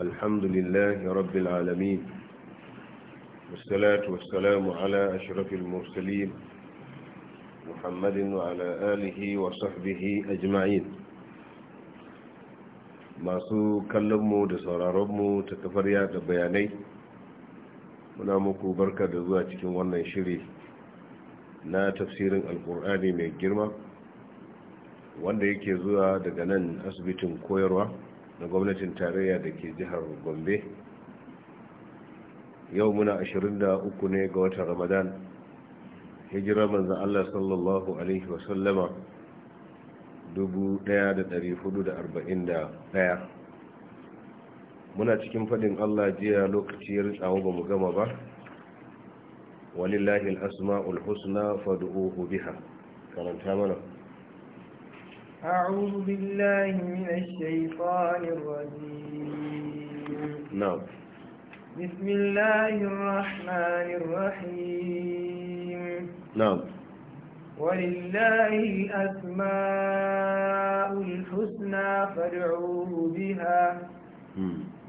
الحمد لله رب العالمين والصلاة والسلام على أشرف المرسلين محمد وعلى آله وصحبه أجمعين masu mu da sauraron ta kafar yada bayanai muna muku barka da zuwa cikin wannan shiri na tafsirin alkur'ani mai girma wanda yake zuwa daga nan asibitin koyarwa na gwamnatin tarayya da ke jihar gombe yau muna 23 ne ga watan ramadan hijira manzan allah sallallahu alaihi wasallama 1441 muna cikin fadin allah jiya lokaci ya ritsawo ba mu gama ba walillahi al'asma'ul husna fadu'uhu biha karanta mana أعوذ بالله من الشيطان الرجيم نعم بسم الله الرحمن الرحيم نعم ولله الأسماء الحسنى فادعوه بها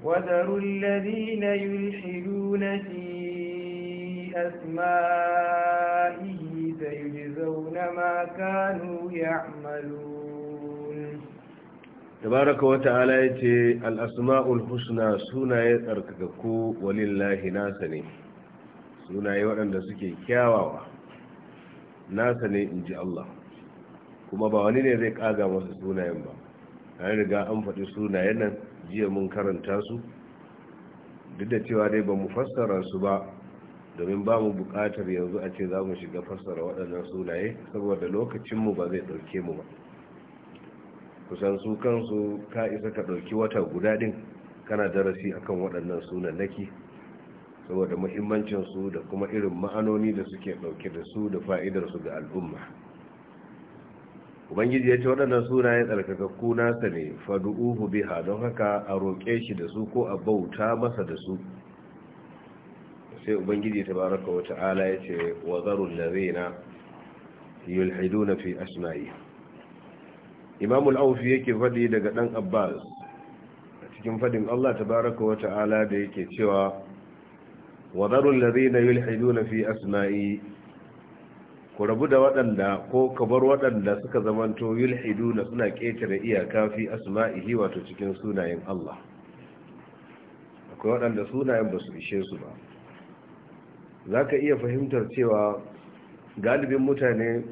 وذروا الذين يلحدون في أسمائه فيجزون ما كانوا يعملون tabaraka wata ta'ala ya ce al'asma'ul husna sunaye tsarkakakku walillahi nasa ne sunaye waɗanda suke kyawawa nasa ne in ji Allah kuma ba wani ne zai ƙaga masa sunayen ba an riga an faɗi sunayen nan jiya mun karanta su duk da cewa dai ba mu fassara su ba domin ba mu buƙatar yanzu a ce za mu shiga fassara waɗannan sunaye saboda lokacinmu ba zai ɗauke mu ba kusan su kansu ka isa ka ɗauki wata guda ɗin kana darasi akan waɗannan sunannaki saboda muhimmancinsu da kuma irin ma'anoni da suke ɗauke da su da fa'idarsu ga al'umma ubangiji ya ce waɗannan sunayen tsarkakakku nasa ne fadu'uhu biha don haka a roƙe shi da su ko a bauta masa da su sai ubangiji ta baraka wata Ala ya ce wa zarun Haidu na fi asma'i imamul al-aufi yake faɗi daga ɗan abbas cikin faɗin allah tabaraka wa ta'ala da yake cewa wadarun lazina yulhiduna fi asma'i ku rabu da waɗanda ko kabar waɗanda suka zamanto yulhiduna suna ƙetare iyaka fi asma'ihi wato cikin sunayen allah akwai waɗanda sunayen ba su ishe su ba za ka iya fahimtar cewa galibin mutane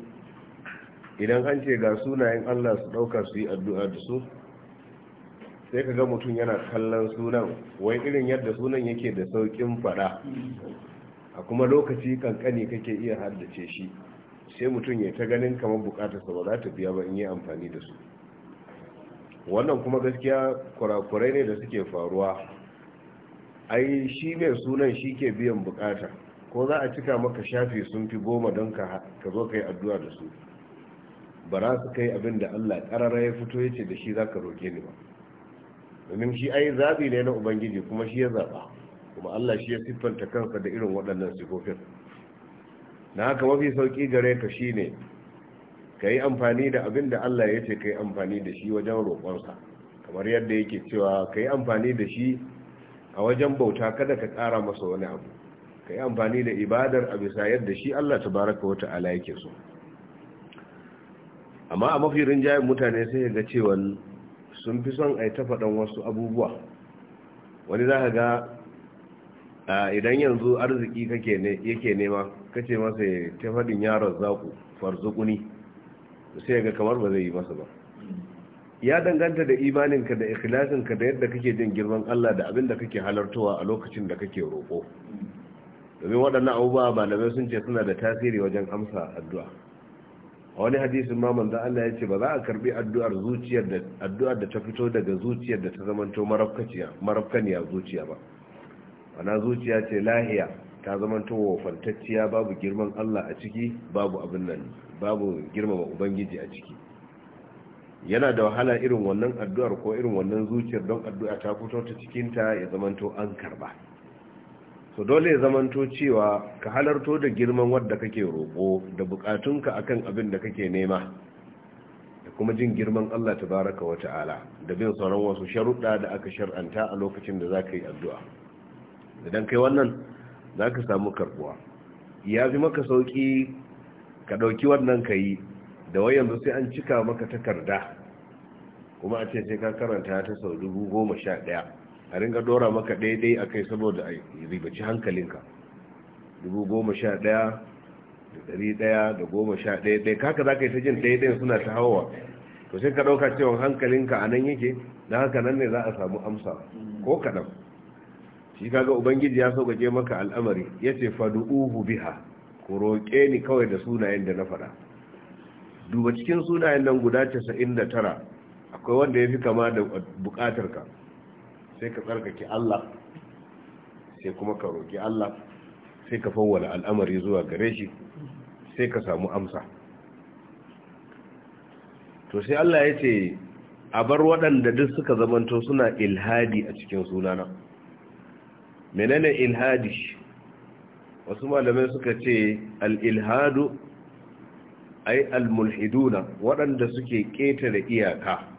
idan an ce ga sunayen Allah su ɗauka su yi addu'a da su sai ka ga mutum yana kallon sunan wai irin yadda sunan yake da saukin faɗa a kuma lokaci kankani kake iya haddace shi sai mutum ya ta ganin kamar sa ba za ta biya ba in yi amfani da su wannan kuma gaskiya kurakurai ne da suke faruwa ai shi mai sunan shi ke biyan bukata ko za a cika maka shafi sun fi goma don ka zo ka yi addu'a da su ba za su kai abin da Allah karara ya fito ya ce da shi za ka roƙe ni ba domin shi ai zaɓi ne na ubangiji kuma shi ya zaɓa kuma Allah shi ya siffanta kansa da irin waɗannan sifofin na haka mafi sauƙi gare ka shi ne ka yi amfani da abin da Allah ya ce ka yi amfani da shi wajen roƙonsa kamar yadda yake cewa ka yi amfani da shi a wajen bauta kada ka ƙara masa wani abu ka yi amfani da ibadar a bisa yadda shi Allah Ta tabaraka wata ala yake so amma a mafi rinjayen mutane sai ga cewa sun fi son a yi tafaɗan wasu abubuwa wani za ka ga idan yanzu arziki yake nema kace masa ya ta faɗin yaron zaku farzukuni sai ga kamar ba zai yi masa ba ya danganta da imaninka da ikhlasinka da yadda kake jin girman Allah da abin da kake halartowa a lokacin da kake roƙo domin waɗannan abubuwa malamai sun ce suna da tasiri wajen amsa addu'a a wani hadisin ma manzo Allah ya ce ba za a karbi addu'ar zuciyar da ta fito daga zuciyar da ta zamanto marafkaniya zuciya ba ana zuciya ce lahiya ta zamanto wafantacciya babu girman Allah a ciki babu abin nan babu girmama ubangiji a ciki yana da wahala irin wannan addu'ar ko irin wannan zuciyar don addu'a ta fito ta cikin ta ya zamanto an karba so dole zamanto cewa ka halarto da girman wadda kake roƙo da bukatunka akan abin da kake nema da kuma jin girman Allah tabaraka wa ta'ala da bin sauran wasu sharuɗa da aka shar'anta a lokacin da za ka yi addu'a idan kai wannan za ka samu karbuwa ya fi maka sauƙi ka ɗauki wannan ka yi da wayan sai an cika maka takarda kuma a ce sai ka karanta ta sau dubu goma sha ɗaya a ringa dora maka daidai a kai saboda a ribaci hankalinka dubu goma sha ɗaya da dari daya da goma sha kaka za ka yi ta jin daidai suna ta hawa to sai ka ɗauka cewa hankalinka a nan yake na haka nan ne za a samu amsa ko kaɗan shi kaga ubangiji ya sauƙaƙe maka al'amari ya ce fadu'uhu biha ku roƙe ni kawai da sunayen da na faɗa duba cikin sunayen nan guda casa'in da tara akwai wanda ya fi kama da buƙatarka sai ka tsarkake Allah sai kuma ka roƙi Allah sai ka fawwala al'amari zuwa gare shi sai ka samu amsa to sai Allah ya ce a bar waɗanda duk suka zamanto suna ilhadi a cikin sunana menene ilhadi wasu malamai suka ce al-ilhadu ay al-mulhiduna waɗanda suke ƙetare iyaka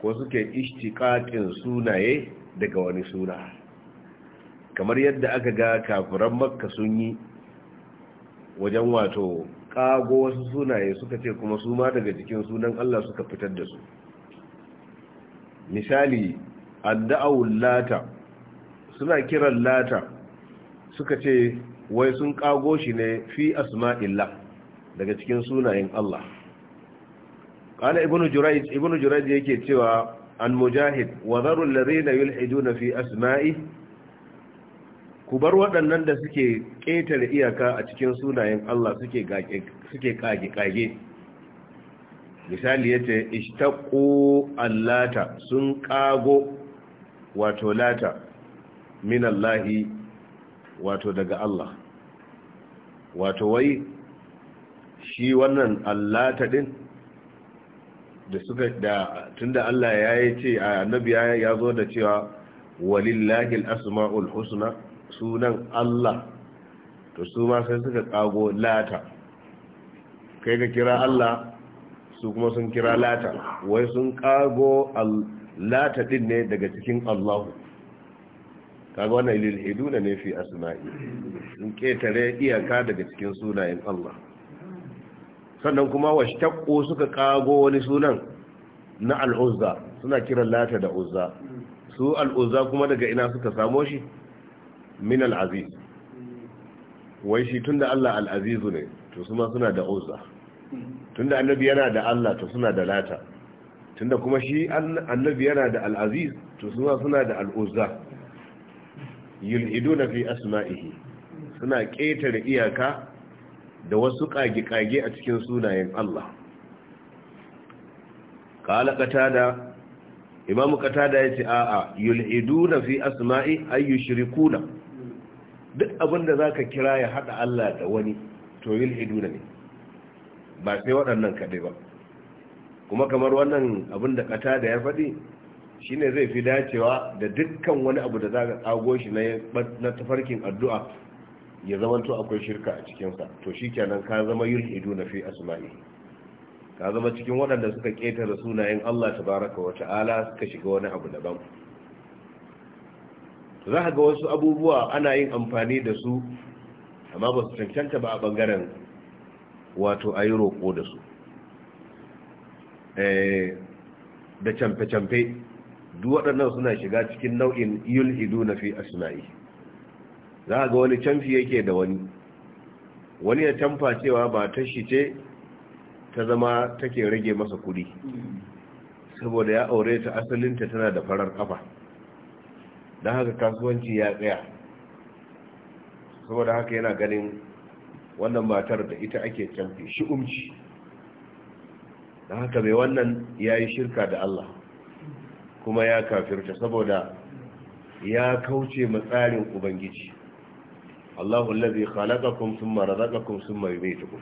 ko suke ishtiqaqin sunaye daga wani suna kamar yadda aka ga kafiran makka sun yi wajen wato kago wasu sunaye suka ce kuma su ma daga cikin sunan Allah suka fitar da su misali adda'awul lata suna kiran lata suka ce wai sun kago shi ne fi asma'illah daga cikin sunayen Allah قال ابن جريج ابن جريج yake cewa an mujahid wa dharu alladhina yulhiduna fi asma'i bar waɗannan da suke ƙetare iyaka a cikin sunayen Allah suke kage kage misali yace ishtaqu allata sun kago wato lata min Allahi wato daga Allah wato wai shi wannan allata din da suka da tunda Allah ya yi ce annabi ya zo da cewa walillahi al-asma'ul husna sunan Allah to su ma sai suka kago lata kai ka kira Allah su kuma sun kira lata wai sun kago lata din ne daga cikin Allahu kaga wannan lil hiduna ne fi asma'i sun ketare iyaka daga cikin sunayen Allah sannan kuma shakko suka kago wani sunan na al'uzza, suna kiran lata da uzza su al'uzza kuma daga ina suka samo shi min al'aziz. wai shi tunda Allah al'azizu ne to su suna da uzza tunda annabi yana da Allah to suna da lata tunda kuma shi annabi yana da al'aziz, to su suna da al'uzza? uzza yulhiduna fi asma'ihi suna ƙetare iyaka da wasu kage-kage a cikin sunayen Allah kala katada imamu katada ya ce a'a na fi asma'i ayyu shirikuna, duk abinda zaka kira ya haɗa Allah da wani to yul'iduna ne ba sai waɗannan kaɗai ba kuma kamar wannan abin da ya faɗi shine zai fi dacewa da dukkan wani abu da zaka ka tsago shi na tafarkin addu'a ya zamanto akwai shirka a cikinsa to shi shikenan ka zama yulhidu na fi asma'i ka zama cikin waɗanda suka ƙetare sunayen Allah tabaraka wa ta'ala suka shiga wani abu daban za ka ga wasu abubuwa ana yin amfani da su amma ba su cancanta ba a bangaren wato a yi roƙo da su eh, da camfe-camfe duk waɗannan suna shiga cikin nau'in yulhidu na fi asma'i za a ga wani canfi yake da wani wani ya canfa cewa ba ta shi ce ta zama take rage masa kudi saboda ya aure ta asalinta tana da farar kafa don haka kasuwanci ya tsaya saboda haka yana ganin wannan matar da ita ake canfi shi umci don haka mai wannan ya yi shirka da Allah kuma ya kafirta saboda ya kauce matsarin ubangiji Allahu allazi khalaqakum thumma razaqakum thumma yumeetukum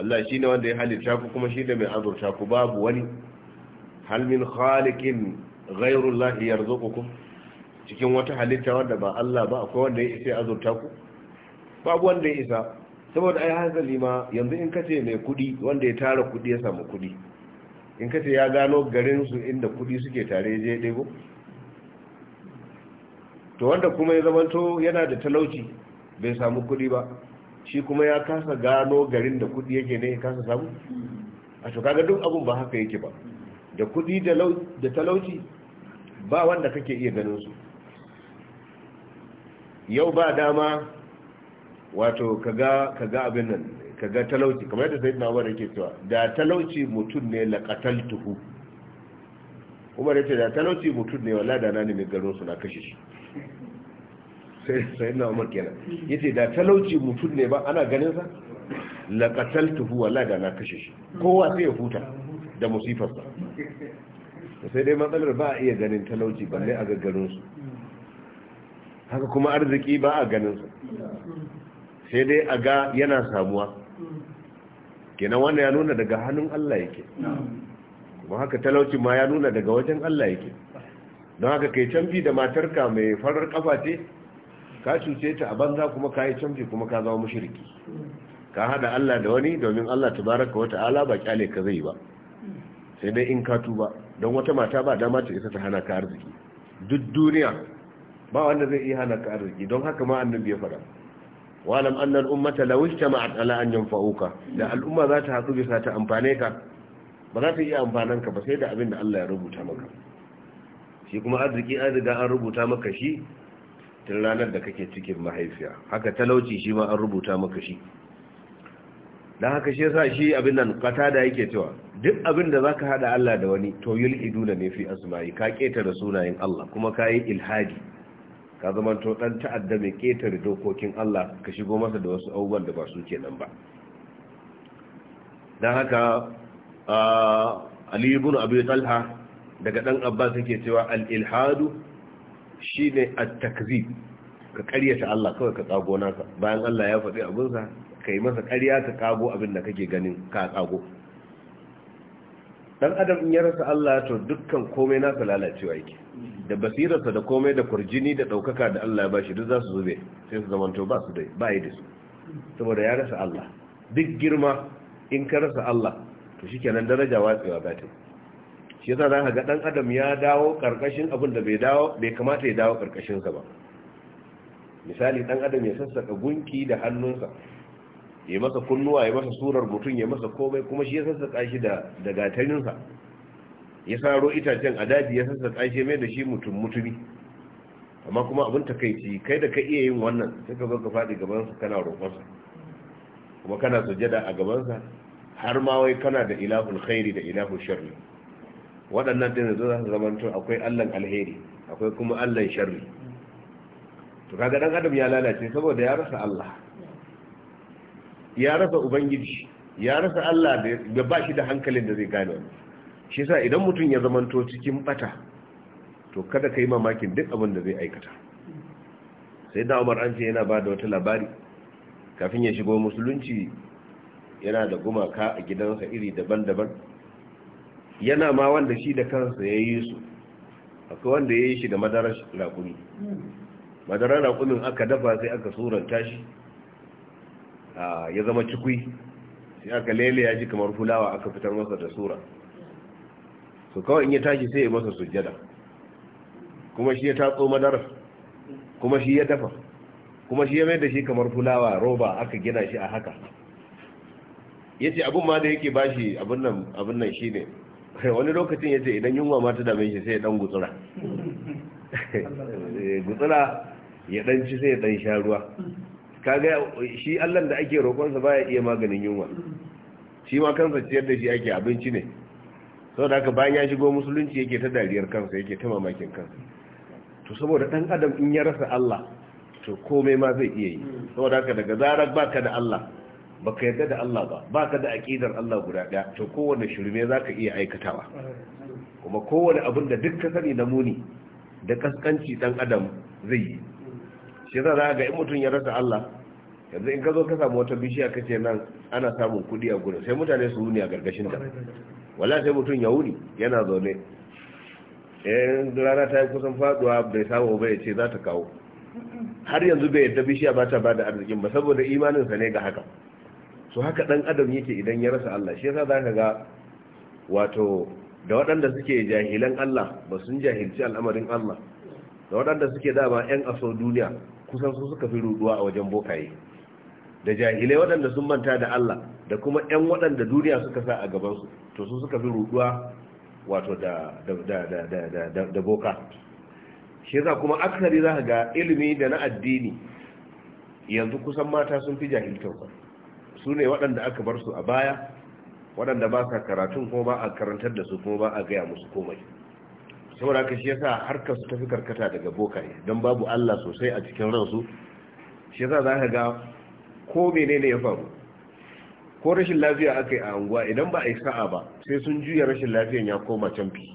Allah shine wanda ya halitta ku kuma shine mai azurta ku babu wani hal min khaliqin ghayru Allah yarzuqukum cikin wata halitta wanda ba Allah ba akwai wanda ya isa azurta ku babu wanda ya isa saboda ai hasali ma yanzu in kace mai kudi wanda ya tara kudi ya samu kudi in kace ya gano garin su inda kudi suke tare je dai to wanda kuma ya zamanto yana da talauci bai samu kuɗi ba shi kuma ya kasa gano garin da kuɗi yake ne ya kasa samu a to kaga duk abun ba haka yake ba da kuɗi da talauci ba wanda kake iya ganin su yau ba dama wato kaga kaga abin nan kaga talauci kamar yadda na Umar yake cewa da talauci mutum ne tuhu Umar yace da talauci mutum ne wala da na ne garo su na kashe shi sai na umar kenan ya ce da talauci mutum ne ba ana ganin sa laƙatal tuhu wala da na kashe shi kowa sai ya huta da musifarsa sai dai matsalar ba a iya ganin talauci balle a gaggarinsu haka kuma arziki ba a ganinsu. sai dai a ga yana samuwa kenan wannan ya nuna daga hannun Allah yake kuma haka talauci ma ya nuna daga wajen Allah yake don haka kai canfi da matarka mai farar kafa ce ka cuce ta a banza kuma ka yi canji kuma ka zama mushriki ka hada Allah da wani domin Allah ta baraka wata ala ba kyale ka zai ba sai dai in ka tuba don wata mata ba dama ta isa ta hana ka arziki duk duniya ba wanda zai iya hana ka arziki don haka ma annabi ya faɗa walam annal ummata law ijtama'at ala an yanfa'uka da al'umma za ta haɗu bisa ta amfane ka ba za ta iya amfanan ka ba sai da abin da Allah ya rubuta maka shi kuma arziki an riga an rubuta maka shi tun ranar da kake cikin mahaifiya haka talauci shi ma an rubuta maka shi don haka shi yasa shi abin nan kata da yake cewa duk abin da zaka hada Allah da wani to iduna ne fi asma'i ka ketare sunayen Allah kuma ka yi ilhadi ka zama to dan ta'adda mai ketare dokokin Allah ka shigo masa da wasu abubuwan da ba su kenan ba don haka ah, Ali ibn Abi Talha daga dan Abbas yake cewa al-ilhadu Shi ne a takzi ka karyata Allah kawai ka tsago nasa bayan Allah ya faɗi abinsa ka yi masa karya ka kago abin da kake ganin ka tsago dan adam in ya rasa Allah to dukkan komai nasa lalacewa yake da basirarsa da komai da kurjini da ɗaukaka da Allah ya bashi duk za su zube sai su zamanto ba su dai ba yi da su saboda ya rasa Allah duk girma in ka rasa Allah to shikenan daraja watsewa gatin shi yasa za ka ga dan adam ya dawo ƙarƙashin abin da bai dawo bai kamata ya dawo ƙarƙashinsa ba misali ɗan adam ya sassaka gunki da hannunsa ya masa kunnuwa ya masa surar mutum ya masa komai kuma shi ya sassaka shi da da gatarinsa ya saro itacen a daji ya sassaka shi mai da shi mutum mutumi amma kuma abin takaici kai da ka iya yin wannan sai ka zo ka faɗi gabansa kana roƙonsa kuma kana sujada a gabansa har ma wai kana da ilahul khairi da ilahul sharri waɗannan ɗin yanzu za su zamanto akwai allan alheri akwai kuma allan sharri to kaga dan adam ya lalace saboda ya rasa allah ya rasa ubangiji ya rasa allah da ba shi da hankalin da zai gane wani shi yasa idan mutum ya zamanto cikin bata to kada ka mamakin duk abin da zai aikata sai da umar an ce yana ba da wata labari kafin ya shigo musulunci yana da gumaka a gidansa iri daban-daban yana ma wanda shi da kansa ya yi su akwai wanda ya yi shi da madarar raƙumi madarar raƙumin aka dafa sai aka suranta shi ya zama cikui sai aka lele ya ji kamar fulawa aka fitar masa da sura su kawai in ya tashi sai ya masa sujjada kuma shi ya tatso madarar kuma shi ya dafa kuma shi ya mai da shi kamar fulawa roba aka gina shi a haka ya ce abin ma da yake bashi abin nan shi ne wani lokacin ya ce idan yunwa ma da dame shi sai ya dan gutsura gutsura ya dan ci sai ya dan sha ruwa kaga shi Allah da ake roƙonsa baya iya maganin yunwa shi ma kansa ciyar da shi ake abinci ne saboda haka bayan ya shigo musulunci yake ta dariyar kansa yake ta mamakin kansa to saboda dan adam in ya rasa Allah to komai ma zai iya yi saboda haka daga zarar baka da Allah baka yarda da Allah ba ba ka da aqidar Allah guda daya to kowanne shirme zaka iya aikatawa kuma kowanne abin da duk ka sani na muni da kaskanci dan adam zai yi shi za ga in mutum ya rasa Allah yanzu in ka zo ka samu wata bishiya kace nan ana samun kuɗi a gurin sai mutane su wuni a gargashin ta wala sai mutum ya wuni yana zaune in rana ta yi kusan faduwa bai samu ba ya ce za ta kawo har yanzu bai yadda bishiya ba ta bada arzikin ba saboda imaninsa ne ga haka to haka dan adam yake idan ya rasa Allah shi yasa zaka ga wato da waɗanda suke jahilan Allah ba sun jahilci al'amarin Allah da waɗanda suke ba 'yan aso duniya kusan su suka fi ruduwa a wajen bokaye da jahilai waɗanda sun manta da Allah da kuma 'yan waɗanda duniya suka sa a gabansu to su suka fi ruduwa wato da boka shi yasa kuma akasari za ga ilimi da na addini yanzu kusan mata sun fi jahiltarsa su ne waɗanda aka bar su a baya waɗanda ba sa karatun ko ba a karantar da su ko ba a gaya musu komai saboda haka shi yasa harkar su tafi karkata daga ne don babu Allah sosai a cikin ransu shi yasa za ka ga ko menene ya faru ko rashin lafiya aka yi a anguwa idan ba a yi sa'a ba sai sun juya rashin lafiyan ya koma canfi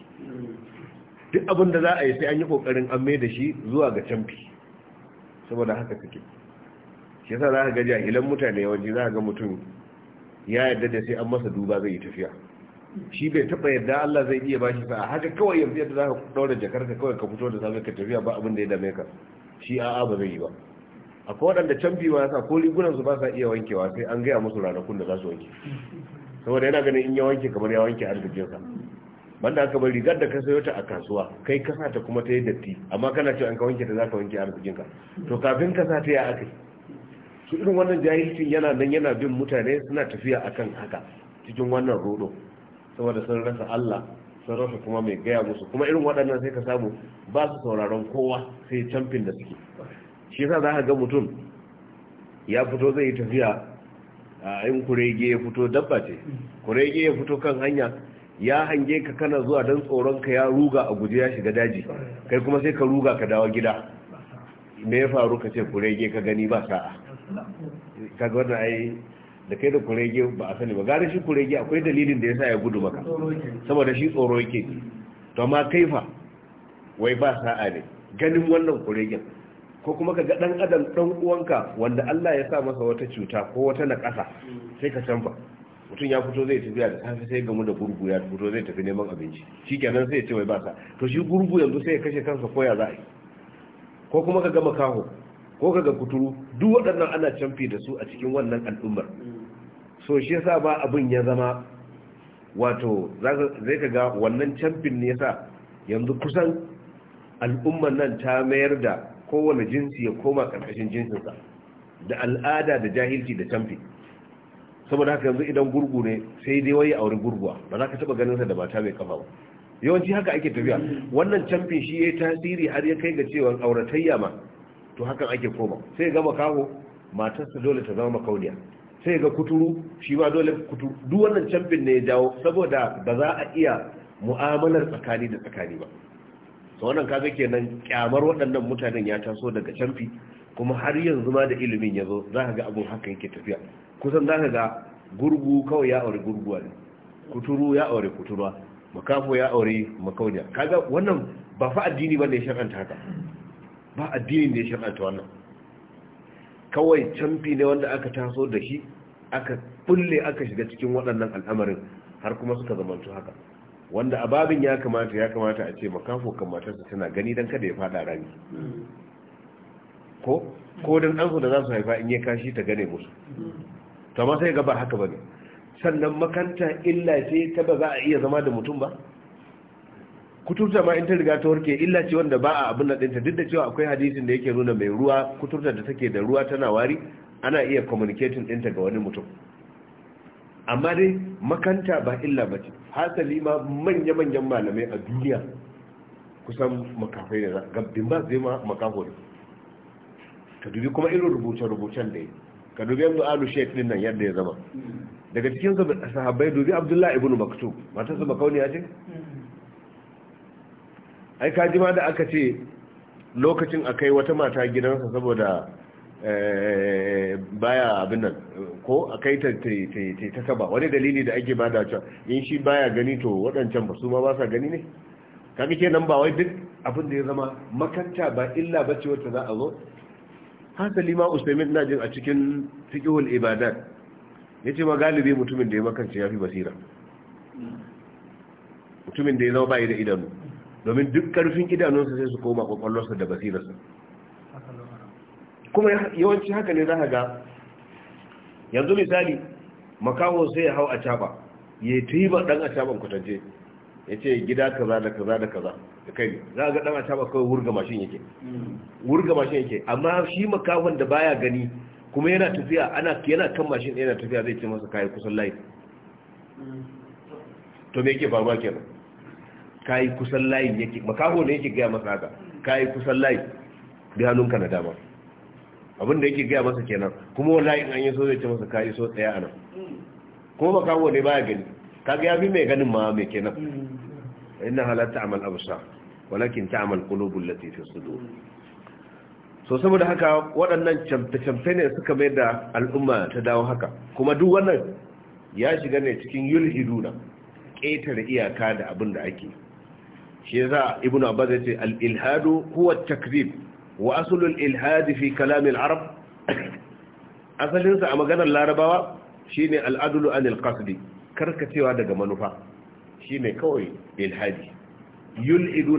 duk abin da za a yi sai an yi kokarin an mai da shi zuwa ga canfi saboda haka suke shi yasa za ka ga jahilan mutane yawanci za ka ga mutum ya yarda da sai an masa duba zai yi tafiya shi bai taba yadda Allah zai iya bashi sa'a haka kawai yanzu yadda za ka daura jakar ka kawai ka fito da safe ka tafiya ba abin da ya dame ka shi a'a ba zai yi ba akwai waɗanda can biyu ya sa ko rigunan su ba sa iya wankewa sai an gaya musu ranakun da za su wanke saboda yana ganin in ya wanke kamar ya wanke arzikin sa banda aka bari rigar da ka sayo ta a kasuwa kai ka sa ta kuma ta yi datti amma kana cewa an ka wanke ta za ka wanke arzikin ka to kafin ka sa ta ya aka yi su irin wannan jahilcin yana nan yana bin mutane suna tafiya akan haka cikin wannan rodo saboda sun rasa Allah sun rasa kuma mai gaya musu kuma irin waɗannan sai ka samu ba su sauraron kowa sai camfin da suke shi yasa za ka ga mutum ya fito zai yi tafiya a yin kurege ya fito dabba ce kurege ya fito kan hanya ya hange ka kana zuwa don tsoron ka ya ruga a guje ya shiga daji kai kuma sai ka ruga ka dawo gida me ya faru ka ce kurege ka gani ba sa'a kaga wannan ai da kai da kurege ba a sani ba gare shi kurege akwai dalilin da yasa ya gudu maka saboda shi tsoro yake to amma kaifa wai ba sa'a ne ganin wannan kuregen ko kuma ka ga dan adam dan uwanka wanda Allah ya sa masa wata cuta ko wata nakasa sai ka canfa mutum ya fito zai tafiya da safe sai gamu da gurgu ya fito zai tafi neman abinci shikenan sai ya ce wai ba sa to shi gurgu yanzu sai ya kashe kansa ko ya za a yi ko kuma ka gama kaho ko kaga kuturu duk waɗannan ana canfi da su a cikin wannan al'ummar so shi yasa ba abin ya zama wato zai ka ga wannan camfin ne yasa yanzu kusan al'ummar nan ta mayar da kowane jinsi ya koma ƙarƙashin jinsinsa da al'ada da jahilci da camfi saboda haka yanzu idan gurgu ne sai dai wai ya auri gurguwa ba za ka taɓa ganinsa da mata mai kafa ba yawanci haka ake tafiya wannan camfin shi ya yi tasiri har ya kai ga cewa auratayya ma to hakan ake koma sai ga makaho matarsa dole ta zama makauniya sai ga kuturu shi ma dole kuturu duk wannan camfin ne ya dawo saboda ba za a iya mu'amalar tsakani da tsakani ba to wannan kaga kenan kyamar waɗannan mutanen ya taso daga camfi kuma har yanzu ma da ilimin ya zo za ka ga abun haka yake tafiya kusan za ka ga gurgu kawai ya aure gurguwa ne kuturu ya aure kuturuwa makafo ya aure makauniya kaga wannan ba fa addini ba ne ya shar'anta haka ba addinin da ya shirata wannan kawai canfi ne wanda aka taso da shi aka kulle aka shiga cikin waɗannan al'amarin har kuma suka zamantu haka wanda a babin ya kamata ya kamata a ce makafo kan matarsa tana gani don kada ya fada rami ko ko don ɗansu da za su haifa in ya kashi ta gane musu to amma sai ga ba haka ba ne sannan makanta illa sai ta ba za a iya zama da mutum ba kuturta ma in ta riga ta warke illa ce wanda ba a abin da duk da cewa akwai hadisin da yake nuna mai ruwa kuturta da take da ruwa tana wari ana iya communicating ɗinta ga wani mutum amma dai makanta ba illa ba ce hasali ma manya-manyan malamai a duniya kusan makafai ne gabbin ba zai ma makaho ne ka dubi kuma irin rubuce-rubucen da ya ka dubi yanzu alu shek din nan yadda ya zama daga cikin sahabbai dubi abdullahi ibn maktub matarsa makauniya ce ai kaji ma da aka ce lokacin akai wata mata gidansa saboda eh, baya abin nan ko a kai ta kaba wani dalili da ake bada cewa in shi baya gani to waɗancan ba su ma ba sa gani ne kaga ke nan ba wai duk abin da ya zama makanta ba illa ba ce wacce za a zo hasali ma usaimin na jin a cikin fiqhul ibadat ya ce ma galibi mutumin da ya makance ya fi basira mutumin da ya zama bai da idanu domin duk karfin idanunsa sai su koma kwakwalwarsa da basirarsa kuma yawanci haka ne za a ga yanzu misali makawo sai ya hau a caba ya yi tuhiba dan a caban kwatance ya ce gida kaza da kaza da kaza da kai za ga dan a caba kawai wurga mashin yake wurga mashin yake amma shi makahon da baya gani kuma yana tafiya ana yana kan mashin yana tafiya zai ce masa kai kusan layi to me yake faruwa kenan kayi kusan layin yake makaho ne yake gaya masa haka kayi kusan layin bi hannunka na dama abin da yake gaya masa kenan kuma wallahi in an yi so zai ce masa kayi so tsaya anan ko makaho ne baya gani kaga ya bi mai ganin ma mai kenan inna halatta amal absar walakin ta'mal qulubul lati fi sudur so saboda haka waɗannan camfe-camfe ne suka mai da al'umma ta dawo haka kuma duk wannan ya shiga ne cikin yulhiduna ƙetare iyaka da abin da ake shi a Ibn abbas ya ce alilhadu huwa takzib wa asulun ilhadi fi kalamin arab asalinsa a maganar larabawa shine ne al’adulu an ilkasdi karkacewa daga manufa shine kawai ilhadi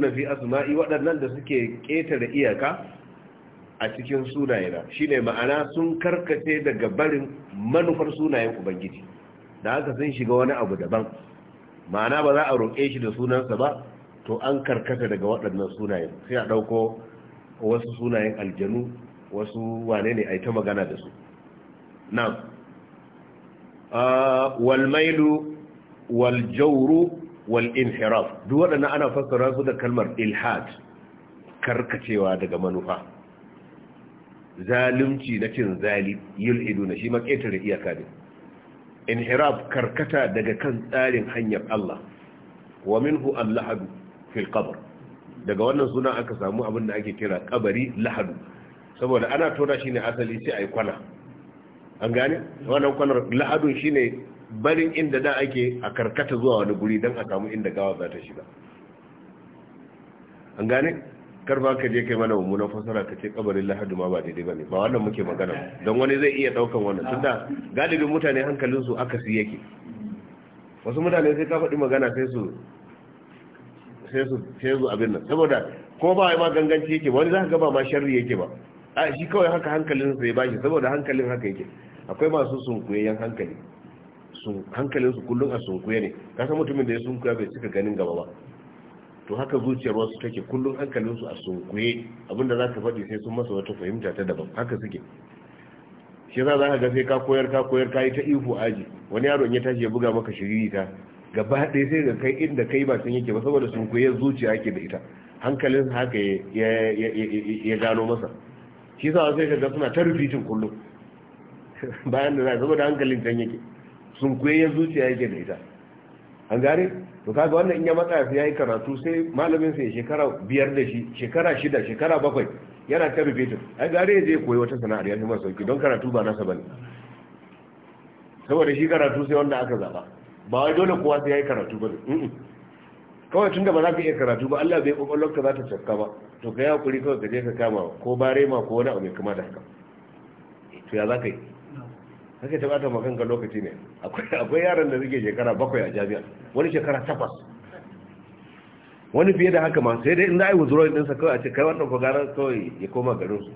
na fi asma'i waɗannan da suke ƙetare iyaka a cikin sunayena shine ma'ana sun karkace daga barin manufar sunayen ubangiji da haka sun shiga wani abu daban ma'ana ba za a roƙe shi da sunansa ba to an karkata daga waɗannan sunayen sai a ɗauko wasu sunayen aljanu wasu wane ne a yi ta magana da su na ah, walmailu waljauru wal'inhiraf duk waɗannan ana fassara su da kalmar ilhad karkacewa daga manufa zalunci na cin zali yul'idu na shi maƙetare iyaka ne inhiraf karkata daga kan tsarin hanyar Allah wa minhu allahadu fil qabr daga wannan suna aka samu abin da ake kira kabari lahadu saboda ana tona shi ne asali sai ai kwana an gane wannan kwanar lahadun shine barin inda da ake a karkata zuwa wani guri don a samu inda gawa za ta shiga an gane karba ka je kai mana mummunan fasara ka ce kabarin lahadu ma ba daidai ba ne ba wannan muke magana don wani zai iya daukan wannan tunda galibin mutane hankalinsu akasi yake wasu mutane sai ka faɗi magana sai su sai su sai su abin nan saboda ko ba ma ganganci yake wani zaka ga ba ma sharri yake ba a shi kawai haka hankalin sa ya bashi saboda hankalin haka yake akwai masu sunkuyen hankali sun hankalin su kullun a sunkuye ne kasan mutumin da ya sunkuya bai cika ganin gaba ba to haka zuciyar wasu take kullun hankalin su a sunkuye abinda zaka faɗi sai sun masa wata fahimta ta daban haka suke shi za za ka ga sai ka koyar ka koyar ka yi ta ihu aji wani yaro in ya tashi ya buga maka shiriri ta gaba ɗaya sai ga kai inda kai ba sun yake ba saboda sun kuye zuciya ke da ita hankalin haka ya gano masa shi sa sai ka suna ta rufitin kullum bayan da za saboda hankalin can yake sun kuye zuciya yake da ita an gare to kaga wannan in ya matsa ya yi karatu sai malamin sai shekara biyar da shi shekara shida shekara bakwai yana ta rufitin an gare ya je koyi wata sana'ar ya fi sauki don karatu ba nasa ne saboda shi karatu sai wanda aka zaba ba wai dole kowa sai yayi karatu ba kawai tun da ba za ka iya karatu ba Allah bai kwakwalwarka za ta cakka ba to ka yi hakuri kawai ka je ka kama ko bare ma ko wani abu mai kama da haka to ya za ka yi kake ta bata makanka lokaci ne akwai yaran da suke shekara bakwai a jami'a wani shekara takwas wani fiye da haka ma sai dai in za a yi wuzurorin ɗinsa kawai a ce kai wannan garan kawai ya koma su.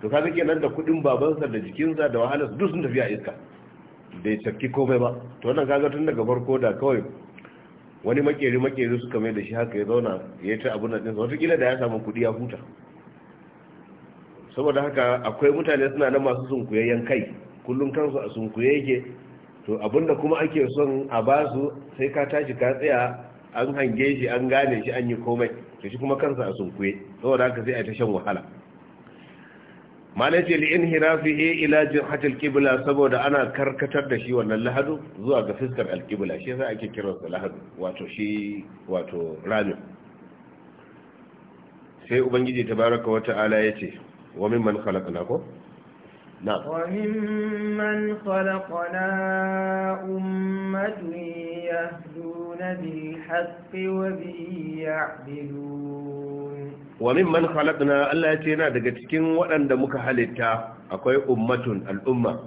to ka zake nan da kuɗin babansa da jikinsa da wahalarsa duk sun tafi a iska bai cakki komai ba to wannan kaga tun daga farko da kawai wani makeri makeri suka mai da shi haka ya zauna ya yi ta abun nan watakila da ya samu kudi ya huta saboda haka akwai mutane suna na masu sunkuyayyen kai kullum kansu a sunkuye yake to abinda kuma ake son a ba su sai ka tashi ka tsaya an hange shi an gane shi an yi komai to shi kuma kansa a sunkuye saboda haka sai a ta shan wahala malaji li'inhirafihi ila jihati qibla saboda ana karkatar da shi wannan lahadu zuwa ga fiskar alqibla shi yasa ake kiran sa lahadu wato shi wato rami sai ubangiji tabaraka wa ta'ala yace wa mimman khalaqna ko na'am wa mimman khalaqna ummatan yahduna bil haqqi wa bi ya'dilun wa man khalaqna Allah ya ce yana daga cikin waɗanda muka halitta akwai ummatun al'umma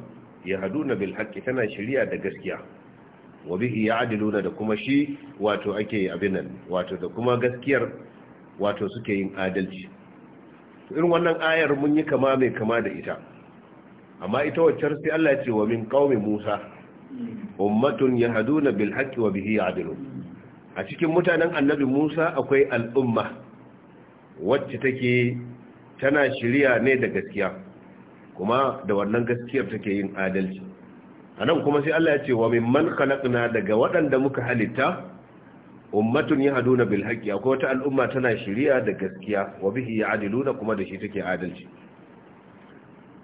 yahduna bil haqqi tana shari'a da gaskiya wa bihi ya'diluna da kuma shi wato ake abin nan wato da kuma gaskiyar wato suke yin adalci to irin wannan ayar mun yi kama mai kama da ita amma ita wacce sai Allah ya ce wa min qaumi Musa ummatun yahduna bil haqqi wa bihi ya'dilun a cikin mutanen annabi Musa akwai al'umma wacce take tana shirya ne da gaskiya kuma da wannan gaskiyar take yin adalci a nan kuma sai Allah ya ce wa mimman khalaqna daga waɗanda muka halitta ummatun yahduna bil haqqi akwai wata al'umma tana shirya da gaskiya wa bihi ya'diluna kuma da shi take adalci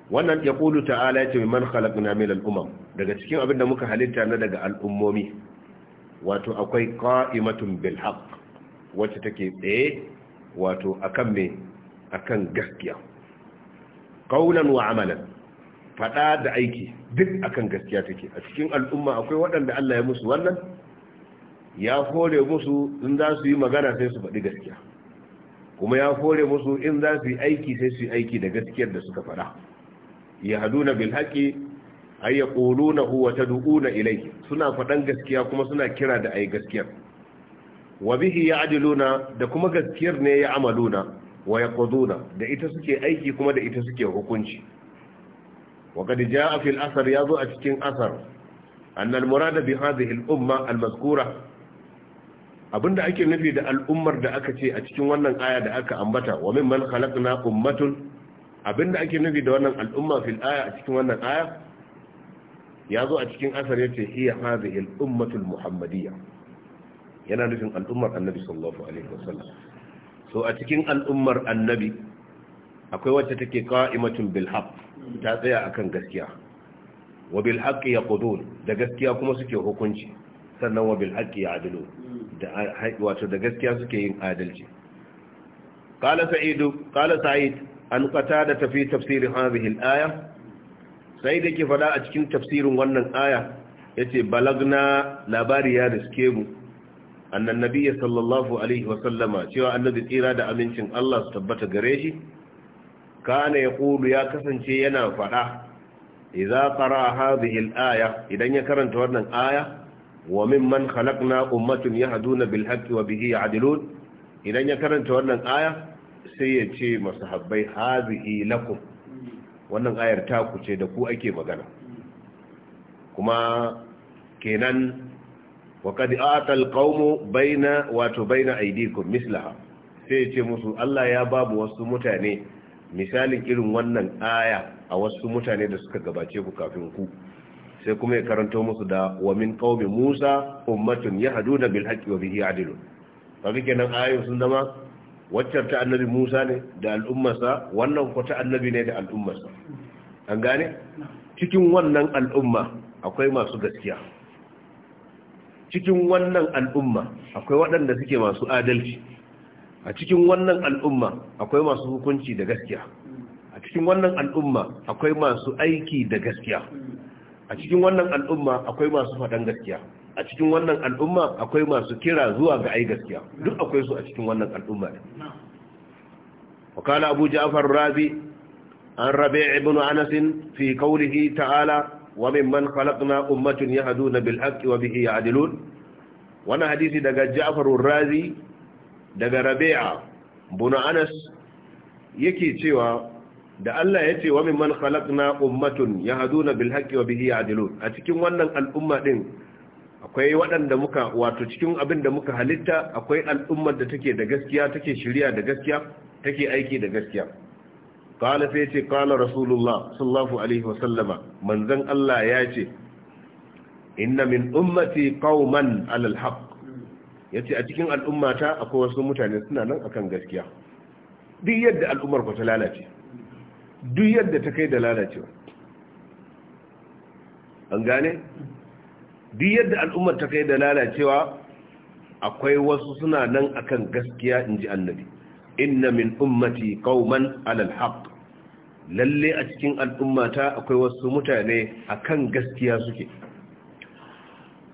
wannan yaqulu ta'ala ya ce mimman khalaqna min al umam daga cikin abin da muka halitta na daga al'ummomi wato akwai qa'imatun bil haqq wacce take tsaye wato akan me akan gaskiya qaulan wa amalan fada da aiki duk akan gaskiya take a cikin al'umma akwai waɗanda Allah ya musu wannan ya hore musu in za su yi magana sai su faɗi gaskiya kuma ya hore musu in za su yi aiki sai su yi aiki da gaskiyar da suka faɗa ya haduna bil haƙi ay yaquluna huwa tad'una ilayhi suna faɗan gaskiya kuma suna kira da ayi gaskiyar wa bihi ya'diluna da kuma gaskiyar ne ya amaluna wa yaquduna da ita suke aiki kuma da ita suke hukunci wa qad jaa fil athar yazo a cikin athar anna al murada bi hadhihi al umma al mazkura abinda ake nufi da al'ummar da aka ce a cikin wannan aya da aka ambata wa mimman khalaqna ummatun abinda ake nufi da wannan al'umma fil aya a cikin wannan aya yazo a cikin asar yace hiya hadhihi al ummatul muhammadiyya yana nufin al'ummar annabi sallallahu alaihi wasallam so a cikin al'ummar annabi akwai wacce take qa'imatun bil haqq ta tsaya a kan gaskiya wa bil ya ƙudu da gaskiya kuma suke hukunci sannan wa bil ya ya'dilun wato da gaskiya suke yin adalci qala sa'id qala sa'id an qatada da tafi tafsirin al aya sai da ke faɗa a cikin tafsirin wannan aya yace balagna labari ya riske mu annan nabiyya sallallahu alaihi wasallama cewa annabi tsira da amincin Allah su tabbata gare shi kana ya kulu ya kasance yana faɗa idza qara hadhihi al-aya idan ya karanta wannan aya wa mimman khalaqna ummatun yahduna bil haqqi wa bihi ya'dilun idan ya karanta wannan aya sai ya ce masahabbai hadhihi lakum wannan ayar ta ku ce da ku ake magana kuma kenan wa qad ata alqawmu baina wato baina aydikum mislaha sai ya ce musu Allah ya babu wasu mutane misalin irin wannan aya a wasu mutane da suka gabace ku kafin ku sai kuma ya karanto musu da wa min qaumi Musa ummatun yahduna bil haqqi wa bihi adilun kaga kenan ayoyin sun zama waccar ta annabi Musa ne da al'ummarsa wannan ko ta annabi ne da al'ummarsa an gane cikin wannan al'umma akwai masu gaskiya cikin wannan al'umma akwai waɗanda suke masu adalci a cikin wannan al'umma akwai masu hukunci da gaskiya a cikin wannan al'umma akwai masu aiki da gaskiya a cikin wannan al'umma akwai masu faɗan gaskiya a cikin wannan al'umma akwai masu kira zuwa ga ai gaskiya duk akwai su a cikin wannan al'umma kana abu rabi, rabi an ربيع ibn anas fi qawlihi ta'ala وممن خلقنا أمة يهدون بالحق وبه يعدلون وانا حديثي دقى جعفر الرازي دقى ربيعة بن أنس يكي تيوى da Allah ya ce wa mimman khalaqna ummatun yahduna bil haqqi wa bihi ya'dilun a cikin wannan al'umma din akwai waɗanda muka wato cikin abin da muka halitta akwai al'ummar da take da gaskiya take shiriya da gaskiya take aiki da gaskiya qala sai ce qala rasulullah sallallahu alaihi wasallama manzon Allah ya ce inna min ummati qauman alal haqq yace a cikin al'ummata akwai wasu mutane suna nan akan gaskiya duk yadda al'ummar ku ta lalace duk yadda ta kai da lalacewa an gane duk yadda al'ummar ta kai da lalacewa akwai wasu suna nan akan gaskiya in ji annabi inna min ummati qauman alal alhaq lalle a cikin al'ummata akwai wasu mutane akan gaskiya suke